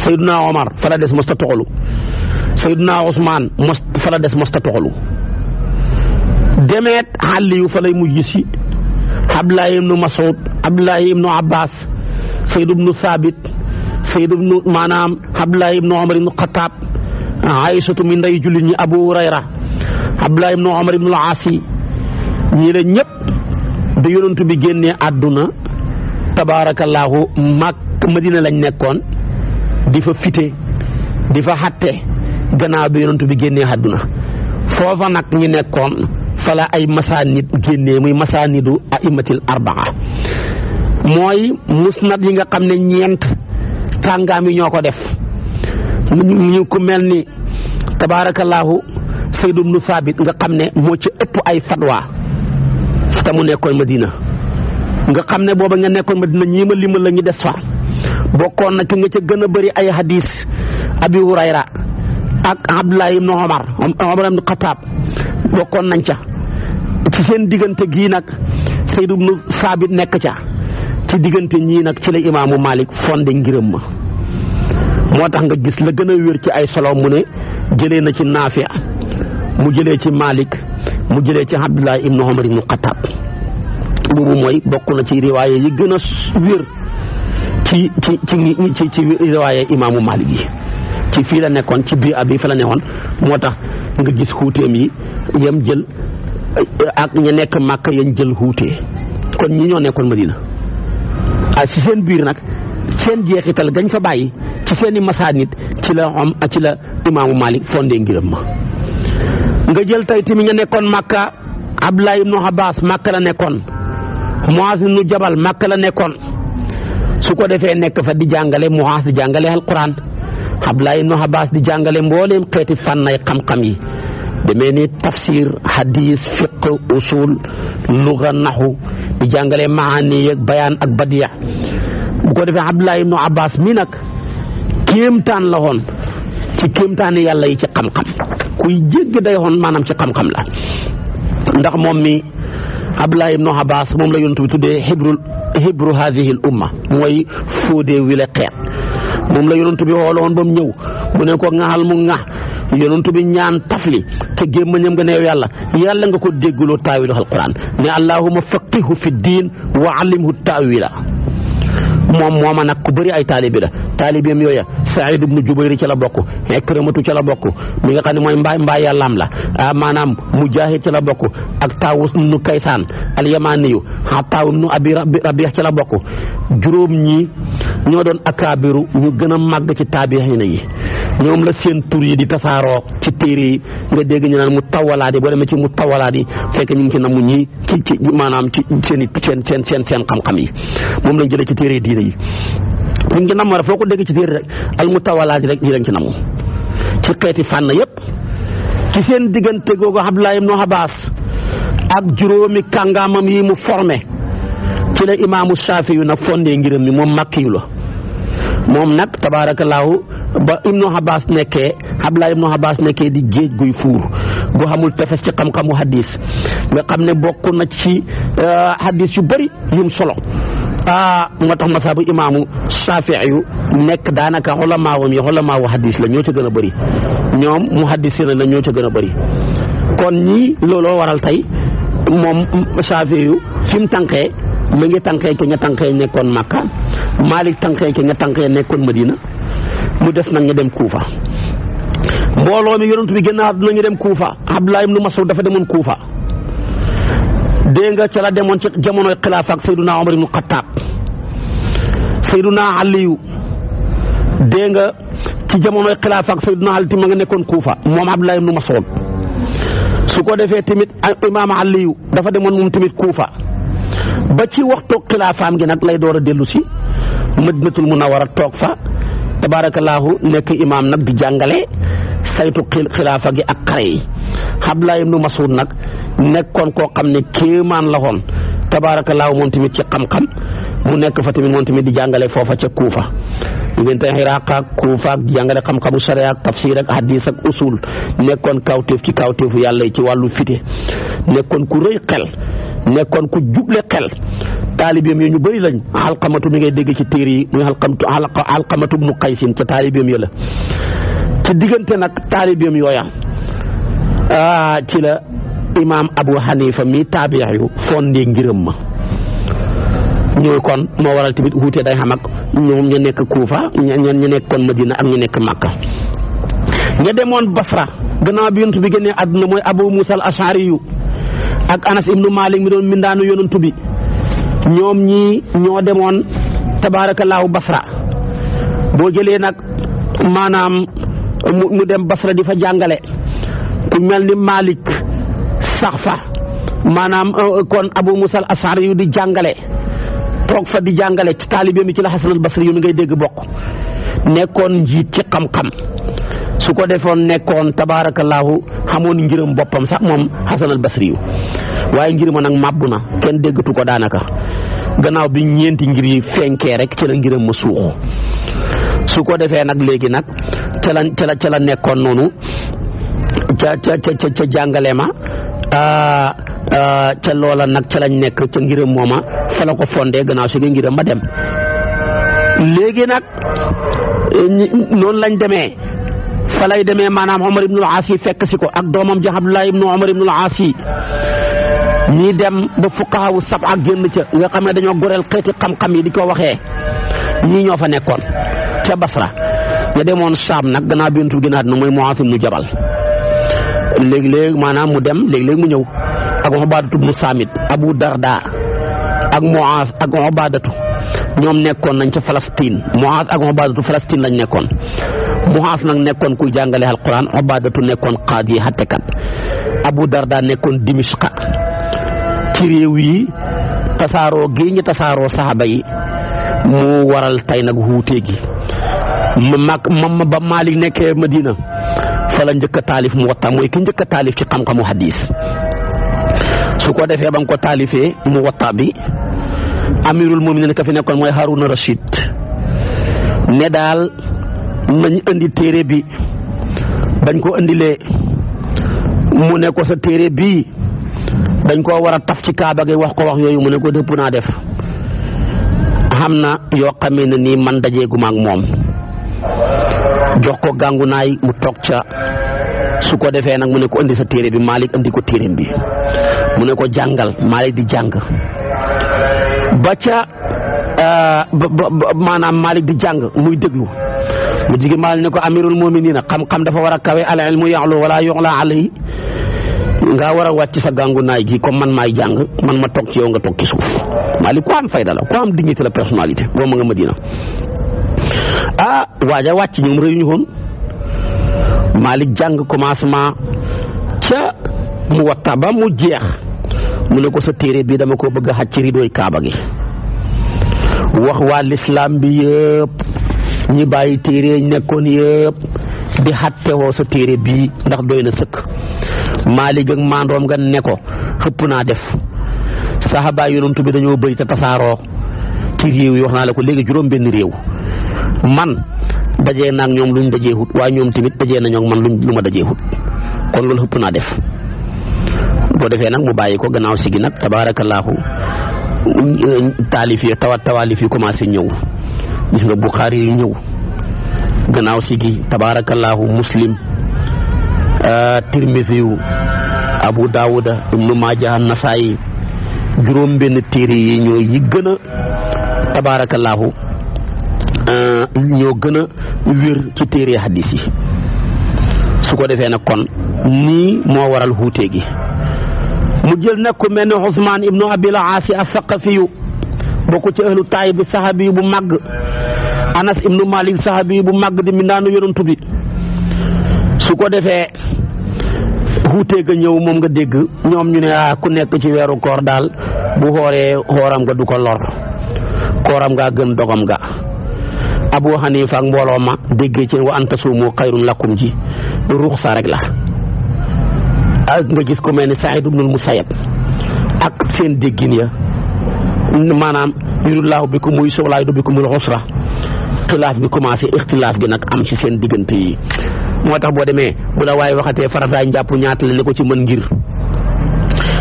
Sayyiduna Omar fa la des mos a toxlu Sayyiduna Ousmane des mos a toxlu demeet Aliyu fa lay mujj si ibnu Mas'ud Abdulaahi ibnu Abbas Sayd ibnu Saabit Sayd ibnu maanaam Abdulaahi ibnu Omar ibnu Xataab Aysatu mi nday jullit ñi Abu Hurayra Abdulaahi ibnu Omar ibnu Laasi ñi la ñëpp bi yonantu bi génnee àdduna tabaarakallaahu màkk madina lañ nekkoon di fa fite di fa xatte gannaaw bi yonantu bi génnee àdduna foofa nag ñu nekkoon fala ay masaanid génnee muy masaanidu matil arbaa mooy musnad yi nga xam ne ñeent kàngaam yi ñoo ko def ñu ku mel ni tabaarakallaahu Sayd ibnu Saabit nga xam ne moo ci ëpp ay fatwa te mu nekkoon Madina nga xam ne booba nga nekkoon Madina ñii ma limal la ñu des fa bokkoon na ki nga ca gën a bëri ay hadis Abi Hurayra ak Abdullah ibn bokkoon nañ ca ci seen diggante gii nag Saydu ibnu Saabit nekk ca ci diggante ñii nag ci la imaamu Malik fonde ngirëm ma moo tax nga gis la gën a wér ci ay solo mu ne jëlee na ci Naafi mu jëlee ci Malik mu jëlee ci Abdullah ibnu Omar ibnu Xataab boobu mooy bokk na ci riwaaye yi gën a wér ci ci ci ci riwaaye imaamu Maalik yi ci fii la nekkoon ci biir ab bi fa la nekkoon moo tax nga gis xuuteem yi yam jël ak ña nekk màkk yañ jël xuutee kon ñi ñoo nekkoon Madina ah ci seen biir nag seen jeexital gañ fa bàyyi ci seeni masaanid ci la am ci la imaamu Maalik fondé ngiram ma nga jël tey tamit ña nekkoon Makka Abdullah ibnu Abbas Makka la nekkoon Muaz ibnu Jabal Makka la nekkoon su ko defee nekk fa di jàngale Muaz di jàngale Alquran Abdullah ibnu Abbas di jàngale mbooleem xeeti fànnay xam-xam yi deme ni tafsir hadis fiq usul luga naxu di jàngale maani ak bayaan ak badiya bu ko defee Abdullah ibnu Abbas mi nag kéemtaan la woon ci kéemtaani yàlla yi ci xam-xam kuy jégg day xoon maanaam ci xam-xam la ndax moom mi Abdullah ibnu Abbas moom la yonent bi tuddee xibru xibru haadihi l mooy fóodee moom la yonent bi xooloon ba ñëw mu ne ko ŋaxal mu ŋax yonent bi ñaan tafli te ñam nga neew yàlla yàlla nga ko déggloo taawilu alquran ne allahuma faqihu fi diin wa allimhu taawila moom mooma nag ku bëri ay taalibi la taalibeem yooya Saïd ibnu Jubayr ca la bokk Ikrimatu ca la bokk mi nga xam ne mooy mbaa mbaa yàllaam la ah maanaam Mujaahid ca la bokk ak Taawus nu Kaysaan al-Yamaniyu Ataaw nu Abi Rabiix ca la bokk juróom ñi ñoo doon akaabiru ñu gën a mag ci taabixiina yi ñoom la seen tur di tasaaroo ci téere yi dégg ñu naan mu tawalaat yi boo demee ci mu tawalaat yi fekk ñu ngi ci namu ñi ci ci maanaam ci seen seen seen seen xam-xam yi moom lañ jëlee ci téere diine yi buñ ci namm rek foo ko dégg ci téere rek al mutawalaat rek ñu dañ ci namm ci xeeti fànn yëpp ci seen diggante googu Abdullah ibnu Abbas ak juróomi kàngaamam yi mu formé ci la imaamu Saafi yu nag fondé ngiram ni moom màkk yu la moom nag tabaarakallaahu ba ibnu Abbas nekkee Abdullah ibnu Abbas nekkee di géej guy fuur bu xamul tefes ci xam-xamu hadis nga xam ne bokk na ci hadis euh, yu bëri yum solo ah moo tax masaabu imaamu Shaafi'i yu nekk daanaka xolamaawam yi xolamaawu hadis la ñoo ca gën a bëri ñoom mu haddisina la ñoo ca gën a bëri kon ñii looloo waral tey moom Shaafi'i yu fi mu tànkee mi ngi tànkee ki nga tànkee nekkoon Makka Malik tànkee ki nga tànkee nekkoon Madina mu des nag nga dem Kuufa mbooloo mi yonent bi génn àdduna ñu dem Kuufa Abdullah ibnu Mas'ud dafa demoon Kuufa dégg nga ca la demoon ci jamonoy xilaafa ak Seyduna Omar ibnu Xataab Seyduna Aliyu dégg nga ci jamonoy xilaafa ak Seyduna Ali nekkoon Kuufa moom Abdullah ibnu Mas'ud su ko defee tamit imaam Aliyu dafa demoon moom tamit Kuufa ba ci waxtu xilaafaam gi nag lay door a dellu si war a toog fa tabaarakallaahu nekk imaam nag di jàngale saytu xilaafa gi ak xare yi Abdullah ibnu Mas'ud nag nekkoon koo xam ne kéemaan la woon tabaarakallaahu moom tamit ci xam-xam mu nekk fa tamit moom tamit di jàngale foofa ca Kuufa diggante Iraq ak Kuufa ak jàngale xam-xamu sharia ak tafsir ak hadis ak usul nekkoon kawteef ci kawteefu yàlla yi ci wàllu fite nekkoon ku rëy xel nekkoon ku juble xel taalibeem yi ñu bëri lañ alxamatu mi ngay dégg ci téere yi muy alxamatu alxamatu mu xaysin ca taalibeem yi la ci diggante nag taalibeem yooya ah, ci imaam Abu Hanifa mi taabiix yu fondé ma ñooy kon moo waral tamit wuute day xam ak ñoom ñu nekk Kuufa ñu nekk kon Madina ak ñu nekk Makka ña demoon Basra gannaaw bi yonent bi génnee àdduna mooy Abu Musa al ak Anas ibnu Malik mi doon mindaanu yonent bi ñoom ñii ñoo demoon tabaarakallaahu Basra boo jëlee nag maanaam mu dem Basra di fa jàngale ku mel ni Malik sax fa maanaam euh, kon Abu Musa al di jàngale toog fa di jàngale ci taalibe mi ci la Xasan al Basri yu ngay dégg bokk nekkoon njiit ci xam-xam su ko defoon nekkoon tabaarakallaahu xamoon njërëm boppam sax moom Xasan al Basri yu waaye nag màbbu na déggatu ko daanaka gannaaw bi ñeenti ngir yi fenkee rek ci la njërëm ma ko defee nag léegi nag ca la ca la la nekkoon noonu ca ca ca jàngale ma Ah, ah, ca loola nag ca lañ nekk ca ngiram mooma fa la ko fondé gannaaw si nga ngiram ma dem léegi nag eh, noonu lañ demee fa lay demee maanaam Omar ibnul Aas fekk si ko ak doomam ji Abdullah ibnu Omar ibnul Aas yi ñii dem ba fuqahawu sab ak génn ca nga xam ne dañoo goreel xeeti xam-xam yi di ko waxee ñii ñoo fa nekkoon ca Basra ña demoon Saam nag gannaaw bi yonent bi gënaat na mooy Muaaz ibnu Jabal léeg-léeg maanaam mu dem léegi léeg mu ñëw ak Ubaadatu bnu Abu Darda ak Muaaz ak Ubaadatu ñoom nekkoon nañ ca Palestine Muaaz ak Ubaadatu Palestine lañ nekkoon Muaaz nag nekkoon kuy jàngale alquran Ubaadatu nekkoon qaadi xattekat Abu Darda nekkoon Dimishqa ci réew tasaaroo gi ñu mu waral tey nag wuute nekkee Madina fa njëkk a taalif Muwatta mooy ki njëkk a taalif ci xam-xamu hadis su ko defee ba nga ko taalifee Muwatta bi amirul muminin ka fi nekkoon mooy Haruna Rashid ne daal nañ indi téere bi dañ koo indilee mu ne ko sa téere bi dañ koo war a taf ci kaaba gi wax ko wax yooyu mu ne ko dëpp naa def xam na yoo xamee ne nii man dajeeguma ak moom jox ko gàngunaay mu toog ca su ko defee nag mu ne ko indi sa téere bi Malick indi ko téereem bi mu ne ko jàngal Malick di jàng ba ca uh, maanaam Malick di jàng muy déglu mu jigi Malick ne ko amirul muminina xam-xam dafa war a kawe mu ilmu yaxlu wala a alayhi nga war a wàcc sa gàngunaay gi comme man maay jàng man ma toog ci yow nga toog ci suuf Malick ku am fayda la ku am dignité la personnalité ma nga Madina ah waaja wàcc ñoom réyu ñu woon jàng commencement ca mu watta ba mu jeex mu ne ko sa téere bii dama ko bëgg a xaj ci ridooy kaaba gi wax waa lislaam bi yëpp ñi bàyyi téere nekkoon yëpp di xattewoo sa téere bii ndax doy na sëkk Malick ak maandoom nga ne ko xëpp naa def saxaaba yonent bi dañoo bëri te tasaaroo ci réew yi wax naa la ko léegi juróom benn réew man dajee naag ñoom luñ dajee hut waaye ñoom tamit dajee na ñoom man lu ma dajee hut kon loolu xëpp naa def boo defee nag mu bàyyi ko gannaaw si gi nag tabaarakallaahu taalif yi tawat tawaalif commencé ñëw gis nga Buxaari yi ñëw gannaaw si gi tabaarakallaahu muslim ah, tirmisi yu abu daawuda ibnu maaja nasaayi juróom benn téere yi ñooy yi gën a tabaarakallaahu Euh, ñoo gën a wér ci téere xaddis yi su ko defee nag kon nii moo waral xuute gi mu jël nag ku mel ne Ousmane ibnu Abil Aasi as-Saqafiyu bokk ci ahlu taay bi sahabi yu bu màgg Anas ibnu Malik sahabi yu bu màgg di mindaanu yonantu bi su ko defee xuutee ga ñëw moom nga dégg ñoom ñu ne ah ku nekk ci weeru koor daal bu xooree xooram nga du ko lor kooram ngaa gën dogam nga Abu Hanifa ak mbooloo ma déggee ci wa an tasuumu xayrun lakum ji ruxsa rek la ak nga gis ko mel ni Saïd mu Musayyab ak seen déggin ya maanaam yuridullahu bikum muy soxlaa du bikumul xusra xilaaf bi commencé ixtilaaf gi nag am ci seen diggante yi moo tax boo demee bu la waaye waxatee farataay njàpp ñaat la li ko ci mën ngir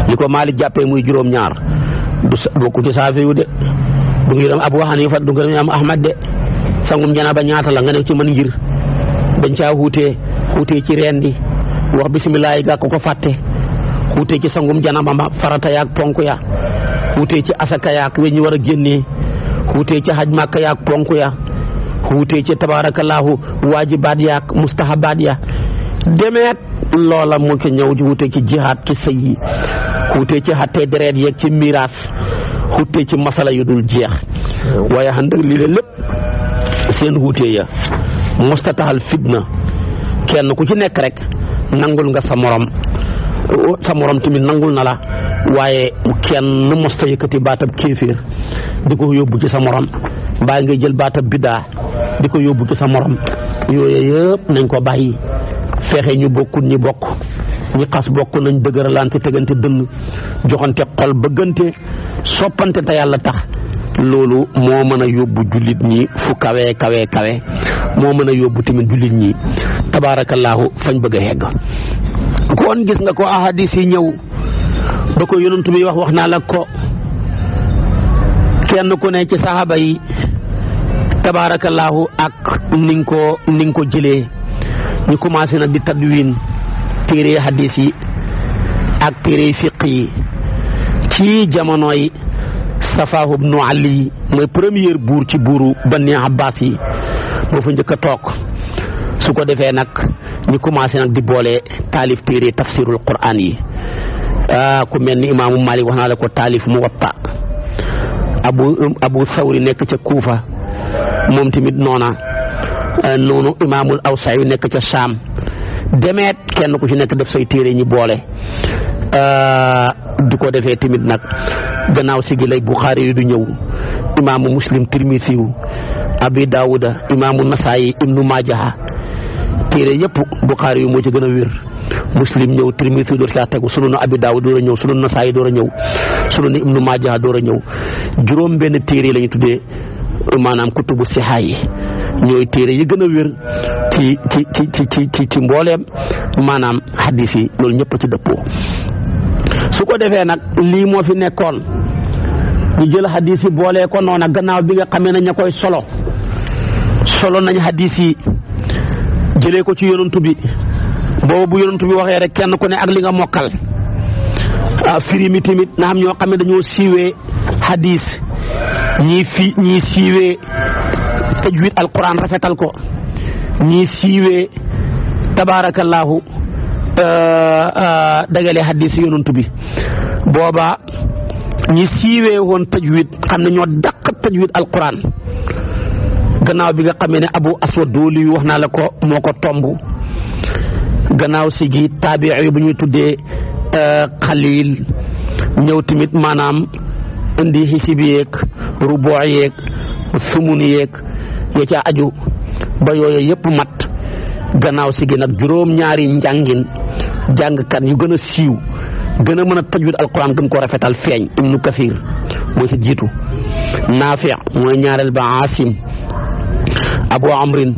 li ko Maalik jàppee muy juróom-ñaar du sa bokku ci saafi yu de du ngi dem Abu Hanifa du ngi dem Ahmad de. sangum janaaba ñaata la nga ne ci mën ngir bañ ca xuutee xuutee ci reen di wax bisimilah yi gàkk ko fàtte xuutee ci sangum janaaba ma farata yaag ponk ya xuutee ci asaka yaag we war a génnee xuutee ci xaj màkk ponk ya xuutee ci tabaarakallaahu waajibaat yaag mustahabaat ya demeet loola mu ci ñëw xuutee ci jihaad ci sëy yi xuutee ci xattee dereet yeeg ci miraas xuutee ci masala yu dul jeex waaye xam nga lii lépp seen wuute ya mosta taxal fitna kenn ku ci nekk rek nangul nga sa morom sa morom tamit nangul na la waaye kenn mosta yëkkati baatab kéeféer di ko yóbbu ci sa morom mbaa ngay jël baatab biddaa di ko yóbbu ci sa morom yooyu yëpp nañ ko bàyyi fexe ñu bokkul ñi bokk ñi xas bokk nañ dëgëralante tegante dënn joxante xol bëggante soppante te yàlla tax loolu moo mën a yóbbu jullit ñi fu kawe kawe kawe moo mën a yóbbu tamit jullit ñi tabaarakallaahu fañ bëgg a yegg kon gis nga ko ahadis yi ñëw ba ko yonent bi wax wax naa la ko kenn ku ne ci saxaaba yi tabaarakallaahu ak niñ ko niñ ko jële ñu commencé nag di tadwin téere hadis yi ak téere fiq yi ci jamono safaahu ibnu ali mooy premier buur ci buuru bani abbas yi moo fa njëkk a toog su ko defee nag ñu commencé nag di boole taalif téere tafsirul quraan yi ah, ku mel ni imaamu malik wax naa la ko taalif muwatta abu abu sawri nekk ca kuufa moom tamit noona eh, noonu imaamul awsa'i nekk ca saam demeet kenn ku ci nekk def say téere ñu boole ah, di ko defee tamit nag gannaaw si gi lay Buxaari yi du ñëw imaamu muslim tirmisiw abi daawuda imaamu nasaayi ibnu maajaha téere yëpp Buxaari yu moo ci gën a wér muslim ñëw tirmisiw door caa tegu sunu na abi daawud door a ñëw sunu nasaayi door a ñëw sunu na ibnu maajaha door a ñëw juróom benn téere lañu tuddee maanaam kutubu sixa yi ñooy téere yi gën a wér ci ci ci ci mbooleem maanaam xaddis yi loolu ñëpp ci dëppoo su ko defee nag lii moo fi nekkoon ñu jël hadis yi boolee ko noona gannaaw bi nga xamee ne ña koy solo solo nañ xadiis yi jële ko ci yonantu bi boobu bu waxee rek kenn ku ne ak li nga mokkal ah firi na xam ñoo xam ne dañoo siiwee hadis ñii fi ñii siiwee tajwid alquran rafetal ko ñii siiwee tabaarakallaahu Euh, euh, dagale xadis yi yonantu bi booba ñi siiwee woon tajwid xam ne ñoo dàq tajwid alquran gannaaw bi nga xamee ne abu aswad dooli wax naa la ko moo ko tomb gannaaw si gi taabici yi bu ñuy tuddee euh, xalil ñëw tamit maanaam indi xisib yeeg ruboox yeeg sumun yeeg ya ca aju ba yooyu yëpp mat gannaaw si gi nag juróom-ñaari njàngin jàngkat yu gën a siiw gën a mën a tajwid alquran gën koo rafetal feeñ ibnu kasir mooy si jiitu naafi mooy ñaareel ba asim abu amrin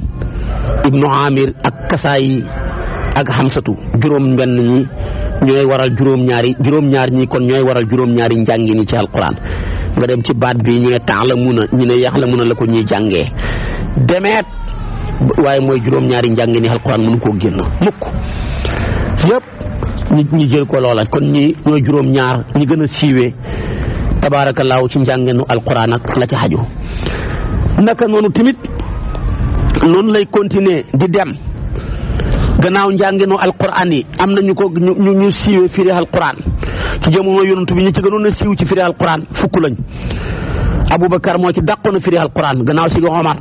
ibnu amir ak kasaayi ak xamsatu juróom benn ñi ñooy waral juróom ñaari juróom ñaar ñi kon waral juróom ñaari njàngi ni ci alquran nga dem ci baat bi ñu ne temps la mun a ñu ne la mun a la ko ñuy jàngee demeet waaye mooy juróom ñaari njàngi ni alquran mënu koo génn mukk yëpp ñu ñu ko loola kon ñi ñooy juróom-ñaar ñi gën a siiwee tabaarakallaahu ci njàngeenu alquran ak la ci xaju naka noonu tamit noonu lay continuer di dem gannaaw njàngeenu alquran yi am na ñu ko ñu ñu siiwee firi alquran ci jamono yonent bi ñu ci gënoon a siiw ci firi alquran fukk lañ Aboubacar moo ci dàqoon a firi alquran gannaaw si Omar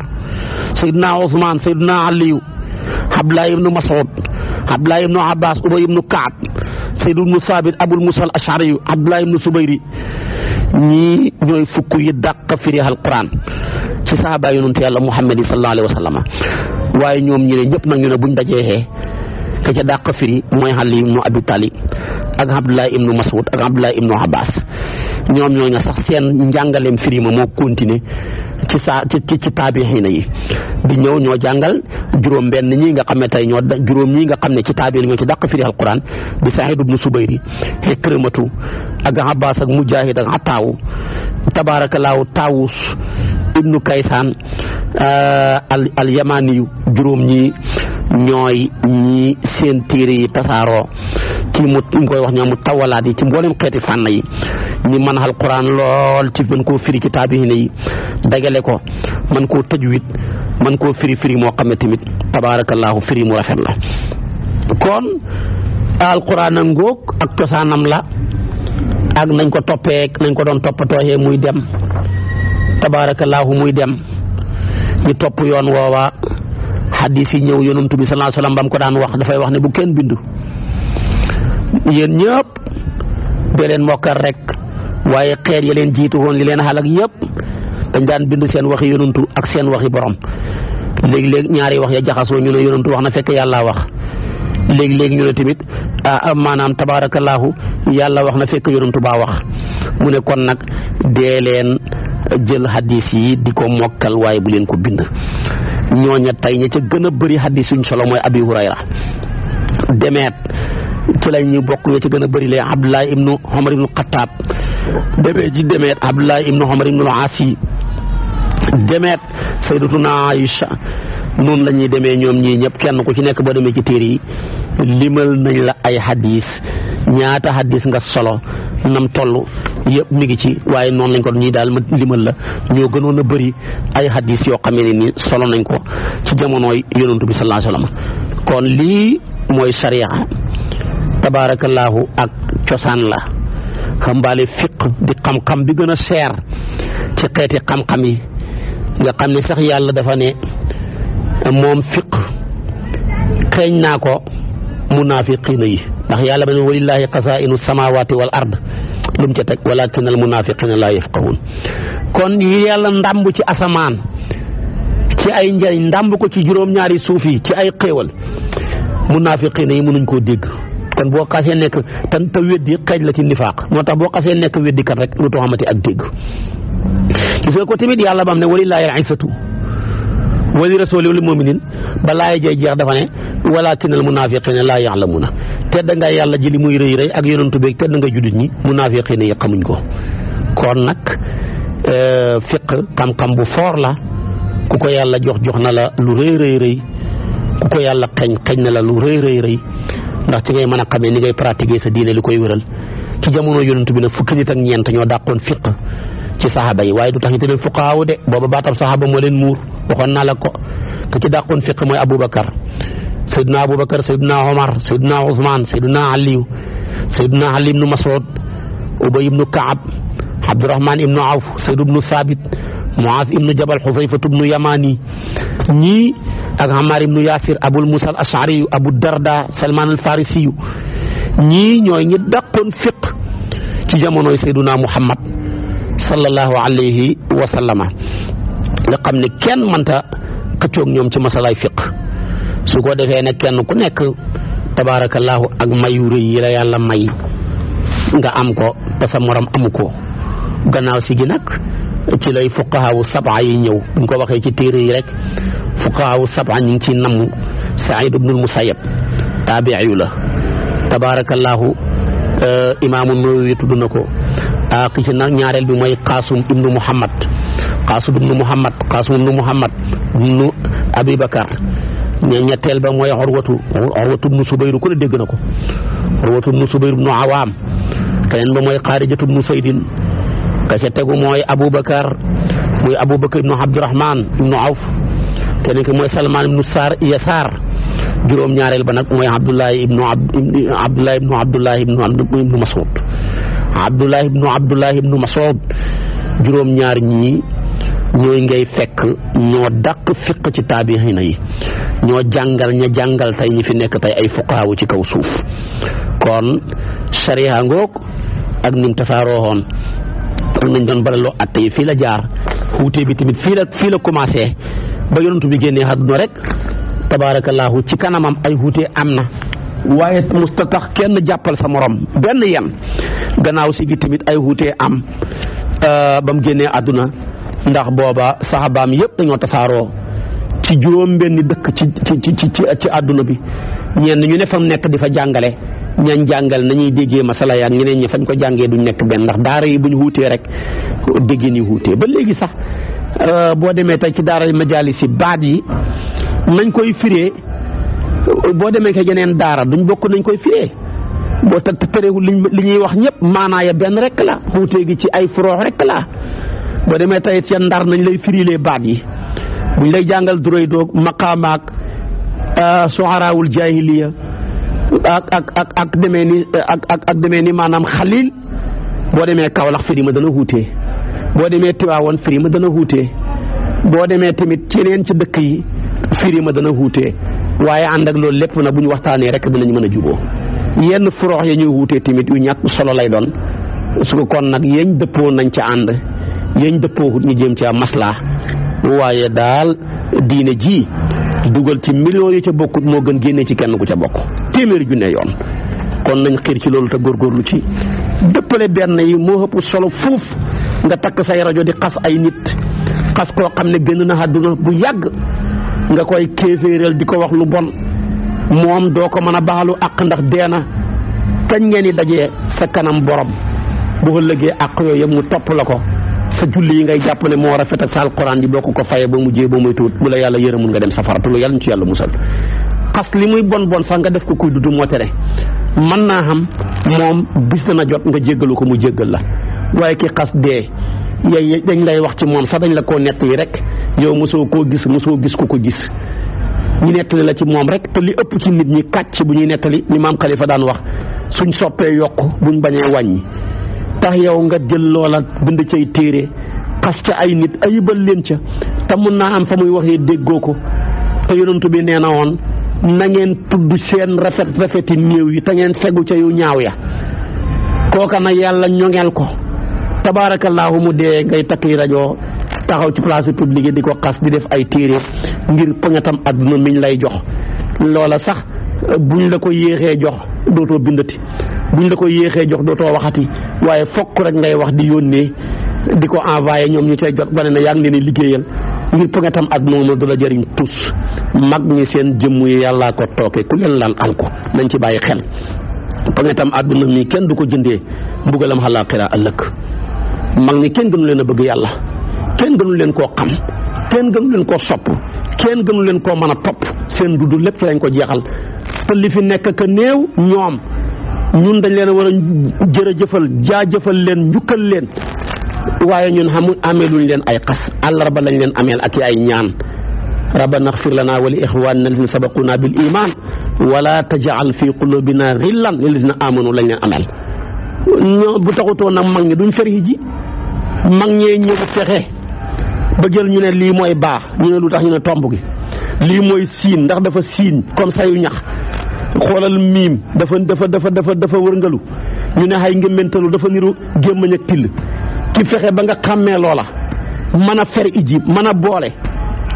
Seydina Ousmane Seydina Aliou Abdoulaye ibnu Masoud Abdullah ibnu Abbas Ubay ibnu Kaab Sayd ibnu Saabit Abul Musa al Ashariyu Abdullah ibnu Subayri ñii ñooy fukk yi dàq firi alquran ci saxaaba yonent yàlla Muhammad sallallahu alayhi wa sallam waaye ñoom ñu ne ñëpp nag ñu ne buñ dajee ka ca dàq firi mooy Ali ibnu Abi Talib ak Abdullah ibnu Mas'ud ak Abdullah ibnu Abbas ñoom ñooy nga sax seen njàngaleem firi ma moo continué. ci saa ci ci taabixiina yi di ñëw ñoo jàngal juróom benn ñi nga xam ne tey ñoo juróom ñi nga xam ne ci taabiin ñoo ci dàq firi alquran di Saïd ibnu Subayri Ikrimatu ak Abbas ak Mujaahid ak Ataawu tabaarakallaahu taawus ibnu kaysaan euh, al al yamani yu juróom ñi ñooy ñi seen téere yi tasaaroo ci mu ñu koy wax ñoom mu tawalaat yi ci mboolem xeeti fànn yi ñi mën al quran lool ci mën koo firi ci taabihiin yi ko mën koo tëjwit mën koo firi firi moo xam ne tamit tabaarakallaahu firi mu rafet la kon al a ngóog ak cosaanam la ak nañ ko toppeek nañ ko doon toppatooyee muy dem tabaarakallaahu muy dem ñu topp yoon woowa xadis fi ñëw yonent bi sallallahu alayhi mbam ko daan wax dafay wax ne bu kenn bindu yéen ñëpp dee leen mokkal rek waaye xeer ya leen jiitu woon li leen xalak yëpp dañ daan bindu seen waxi yonent ak seen waxi borom léegi léegi ñaari wax ya jaxasoo ñu ne yonent wax na fekk yàlla wax léegi léegi ñu ne tamit ah maanaam tabaarakallaahu yàlla wax na fekk yonent ba wax mu ne kon nag dee leen jël hadis yi di ko mokkal waaye bu leen ko bind ñooña tey ña ca gën a bëri hadis yuñ solo mooy abi hurayra demeet ci la ñu bokk ña ca gën a bëri lee abdullah ibnu omar ibnu xataab demee ji demeet abdullah ibnu omar ibnu asi demeet sayyidatuna aïcha noonu la ñuy demee ñoom ñii ñëpp kenn ku ci nekk boo demee ci téere yi limal nañ la ay hadis ñaata hadis nga solo nam toll yëpp mi ngi ci waaye noonu lañ ko ñii daal ma limal la ñoo gënoon a bëri ay hadis yoo xamee ne ni solo nañ ko ci jamonooy yonantu bi sallallahu alayhi kon lii mooy sariya tabaarakallaahu ak cosaan la xambaale fiq di xam-xam bi gën a seer ci xeeti xam-xam yi nga xam ne sax yàlla dafa ne moom fiq xeeñ naa ko munaafiqiina yi ndax yàlla ba ne walillaahi xasaa'inu samaawaati wal ard lu mu ca teg walaakin al munaafiqiina laa yafqahuun kon yàlla ndàmb ci asamaan ci ay njëriñ ndàmb ko ci juróom-ñaari suuf yi ci ay xéewal munaafiqiina yi mënuñ koo dégg kon boo xasee nekk tan te weddi xeej la ci nifaaq moo tax boo xasee nekk weddi kat rek lu taxamati ak dégg gis nga ko tamit yàlla ba am ne walillaahi al wali rasuli wal muminin ba laay jay jeex dafa ne walaakinal munaafiqiina laa ya'lamuuna tedd nga yàlla ji li muy rëy rëy ak yonantu beeg tedd nga juddit ñi munaafiqiina yi xamuñ ko kon nag euh, fiq xam-xam bu foor la ku ko yàlla jox jox na la lu rëy rëy rëy ku yàlla xeñ xeñ na la lu rëy rëy rëy ndax ci ngay mën a xamee ni ngay pratiquer sa diine lu koy wéral ci jamono yonent bi nag fukki nit ak ñeent ñoo dàqoon fiq ci saxaaba yi waaye du tax ñu te leen fuqaawu de booba baatam saxaaba moo leen muur waxoon naa la ko ki ci dàqoon fiq mooy Aboubacar Seydina Aboubacar Seydina Omar Seydina Ousmane Seydina Aliou Seydina Ali ibnu Masoud Ubay ibnu Kaab Abdourahman ibnu Awf Seyd ibnu Sabit Muaz ibnu Jabal Xufayfatu ibnu Yamani ñii ak Amar ibnu Yasir Abul Musa al Ashari Abu Darda Salman al Farisi ñii ñooy ñi dàqoon fiq ci jamonoy Seydina Muhammad sallallahu alayhi wa sallama nga xam ne kenn mënta xëccoog ñoom ci masalaay fiq su ko defee ne kenn ku nekk tabaarakallaahu ak mayu rëy yi la yàlla may nga am ko te sa morom amu ko gannaaw si gi nag ci lay fuqahaawu sabaa yi ñëw buñ ko waxee ci téere yi rek fuqahaawu sabaa ñu ci ciy namm Saïd ibnul Musayyab taabiiyu la tabaarakallaahu euh, imaamu Nawawi tudd na ko ah ki ci na ñaareel bi mooy Qaasim ibnu Muhammad Qaasim ibnu Muhammad Qaasim ibnu Muhammad ibnu Abi Bakar ñe ñetteel ba mooy Urwatu Urwatu ibnu Subayr ku ne dégg na ko Urwatu ibnu Subayr ibnu Awaam keneen ba mooy Xaarijatu ibnu Saydin ka ca tegu mooy Aboubacar muy Aboubacar ibnu Abdurahman ibnu Awf keneen ki mooy Salman ibnu Saar Yasaar juróom-ñaareel ba nag mooy Abdullahi ibnu Abdullahi ibnu Abdullahi ibnu Mas'ud Abdullahi ibnu Abdullahi ibnu Mas'ud juróom-ñaar ñii ñooy ngay fekk ñoo dàq fiq ci taabixina yi ñoo jàngal ña jàngal tey ñi fi nekk tey ay fuqaawu ci kaw suuf kon sariya ngoog ak nim tasaaroo woon ak nañ doon balaloo atte yi fii la jaar wuute bi tamit fii la fii la commencé ba yonantu bi génnee àdduna rek tabaarakallaahu ci kanamam ay wuute am na waaye musta tax kenn jàppal sa moroom benn yem gannaaw si gi tamit ay wuute am euh, ba mu génnee àdduna ndax booba saxaabaam yëpp dañoo tasaaroo ci juróom benni dëkk ci ci ci ci àdduna bi ñenn ñu ne fa nekk di fa jàngale ñañ jàngal nañuy déggee masala yaak ñeneen ñi fañ ko jàngee duñ nekk benn ndax daara yi buñ wuutee rek déggee ni wuutee ba léegi sax euh, boo demee tey ci daara majalis yi baat yi nañ koy firee boo demee ko yeneen daara duñ bokk nañ koy firee boo te terewul li ñuy wax ñëpp maanaaya benn rek la wuutee gi ci ay furoox rek la boo demee tey ca ndar nañ lay firilee baat yi buñ lay jàngal duray doog maqaamaak euh, soxaraawul jaahiliya ak ak ak ak demee ni ak ak ak demee ni maanaam xalil boo demee Kaolack firi ma dana wuute boo demee Tiwaawoon firi ma dana wuute boo demee tamit ceneen ci dëkk yi firi ma dana wuute waaye ànd ak loolu lépp na bu ñu waxtaanee rek dinañ mën a juboo yenn furoox ya ñuy wuute tamit yu ñàkk solo lay doon su ko kon nag yéen dëppoo nañ ci ànd. yañ dëppoowut ñu jéem ci am maslaa waaye daal diine ji dugal ci millions yi ca bokkut moo gën génne ci kenn ku ca bokk téeméeri junne yoon kon nañ xiir ci loolu te góorgóorlu ci dëppale benn yi moo ëpp solo fuuf nga takk say rajo di xas ay nit xas koo xam ne génn na àdduna bu yàgg nga koy kéeféeral di ko wax lu bon moom doo ko mën a baalu àq ndax dee na kañ ngeen di dajee sa kanam borom bu ëllëgee àq yooyu yëpp mu topp la ko sa julli yi ngay jàpp ne moo rafet ak sa alquran yi boo ko ko fayee ba mujjee ba muy tuut bu la yàlla yërëmul nga dem safara te lu yàlla ñu ci yàlla musal xas li muy bon bon sax nga def ko kuy du moo tere man naa xam moom bis na jot nga jéggalu ko mu jéggal la waaye ki xas dee yay dañ lay wax ci moom sax dañ la koo nett yi rek yow mosoo koo gis mosoo gis ku ko gis ñu nettali la ci moom rek te li ëpp ci nit ñi kàcc bu ñuy nettali ni maam Khalifa daan wax suñ soppee yokk buñ bañee wàññi tax yow nga jël loola bind cay téere xas ca ay nit ayibal leen ca te mun naa am fa muy waxee déggoo ko te yonantu bi nee na woon na ngeen tudd seen rafet rafeti néew yi te ngeen fegu ca yu ñaaw ya kooka na yàlla ñoŋeel ko tabaarakallaahu mu dee ngay takki rajo taxaw ci place publique yi di ko xas di def ay téere ngir pëngatam àdduna miñ lay jox loola sax buñ la ko yéexee jox dootoo bindati buñ la ko yéexee jox dootoo waxati waaye fokk rek ngay wax di yónnee di ko envoyé ñoom ñu cay jot ba ne na yaa ngi leen liggéeyal ngir pour nga tam ak moom du la jëriñ tus mag ñi seen jëmm yi yàllaa ko tooke ku leen laal am ko nañ ci bàyyi xel poñetam àdduna mi kenn du ko jëndee mbugalam xalaaxira ëllëg mag ñi kenn gënu leen a bëgg yàlla kenn gënu leen koo xam kenn gënu leen koo sopp kenn gënu leen koo mën a topp seen du du lépp fa lañ ko jeexal te li fi nekk ka néew ñoom ñun dañ leen a war a jërëjëfal jaajëfal leen njukkal leen waaye ñun xamu ameeluñ leen ay xas àllarba lañ leen ameel ak ay ñaan rabbana axfir lana wa li ixwanina alladina sabaquna bil iman wala tajal fi qulubina xillan lilladina amanu lañ leen ameel ñoo bu taxutoon nag mag ñi duñ fëri ji mag ñee ñëw fexe ba jël ñu ne lii mooy baax ñu ne lu tax ñu ne tomb gi lii mooy siin ndax dafa siin comme sayu ñax xoolal miim dafa dafa dafa dafa dafa wërngalu ñu ne ay ngémmentalu dafa niru gémmañ ak till ki fexe ba nga xàmmee loola mën a fer iji mën a boole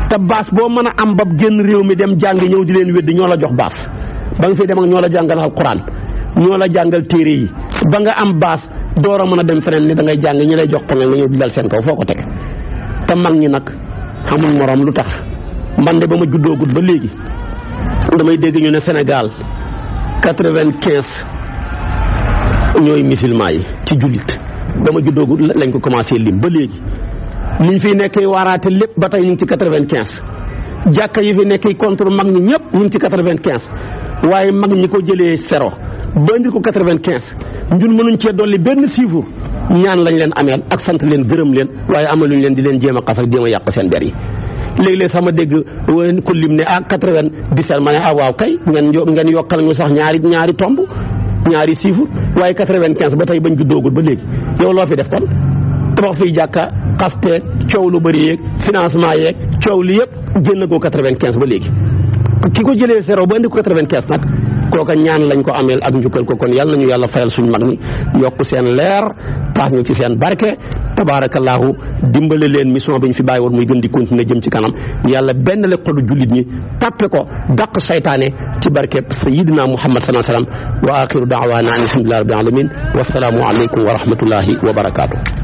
te baas boo mën a am ba génn réew mi dem jàng ñëw di leen weddi ñoo la jox baas ba nga fay dem ñoo la jàngal alquran ñoo la jàngal téere yi ba nga am baas door a mën a dem feneen ni da ngay jàng ñu lay jox pangel nga ñëw di dal seen kaw foo ko teg te mag ñi nag xamul lu tax man de ba ma juddoo gut ba léegi damay dégg ñu ne Sénégal quatre-vingt-quinze ñooy musulman yi ci jullit ba ma juddoo gudd lañ ko commencé lim ba léegi liñ fi nekkee waaraate lépp ba tey ñu ngi ci quatre-vingt-quinze jàkka yi fi nekk contre mag ñi ñëpp ñu ngi ci quatre-vingt-quinze waaye mag ñi ko jëlee zéro ba indi ko quatre-vingt-quinze ñun mënuñ cee dolli benn chiffre ñaan lañ leen ameel ak sant leen gërëm leen waaye amaluñ leen di leen jéem a xas ak yi. léeg-léeg sama dégg ku lim ne ah quatre-vingt-dix-sept ma ne ah waaw kay ngeen ngeen yokkal ñu sax ñaari ñaari tomb ñaari siifur waaye quatre vingt ba tey bañ ko doogul ba léegi yow loo fi def kon tabax fiy jàkka xasteeg coow lu bëri yeeg financement yeeg coow li yëpp génn ko quatre vingt ba léegi ki ko jëlee zéro ba indi ko quatre nag kooka ñaan lañ ko ameel ak njukkal ko kon yàlla nañu yàlla fayal suñu mag ñi yokk seen leer taas ñu ci seen barke tabaarakallaahu dimbale leen mission bi ñu fi bàyyi woon muy gën di continuer jëm ci kanam yàlla benn la xolu jullit ñi tappe ko daq saytaane ci barkeb sayyidina muhammad sallallahu alayhi wa sallam wa axiru daawaana an alhamdulillahi rabbil alamin wassalaamu aleykum wa rahmatullahi wa barakaatu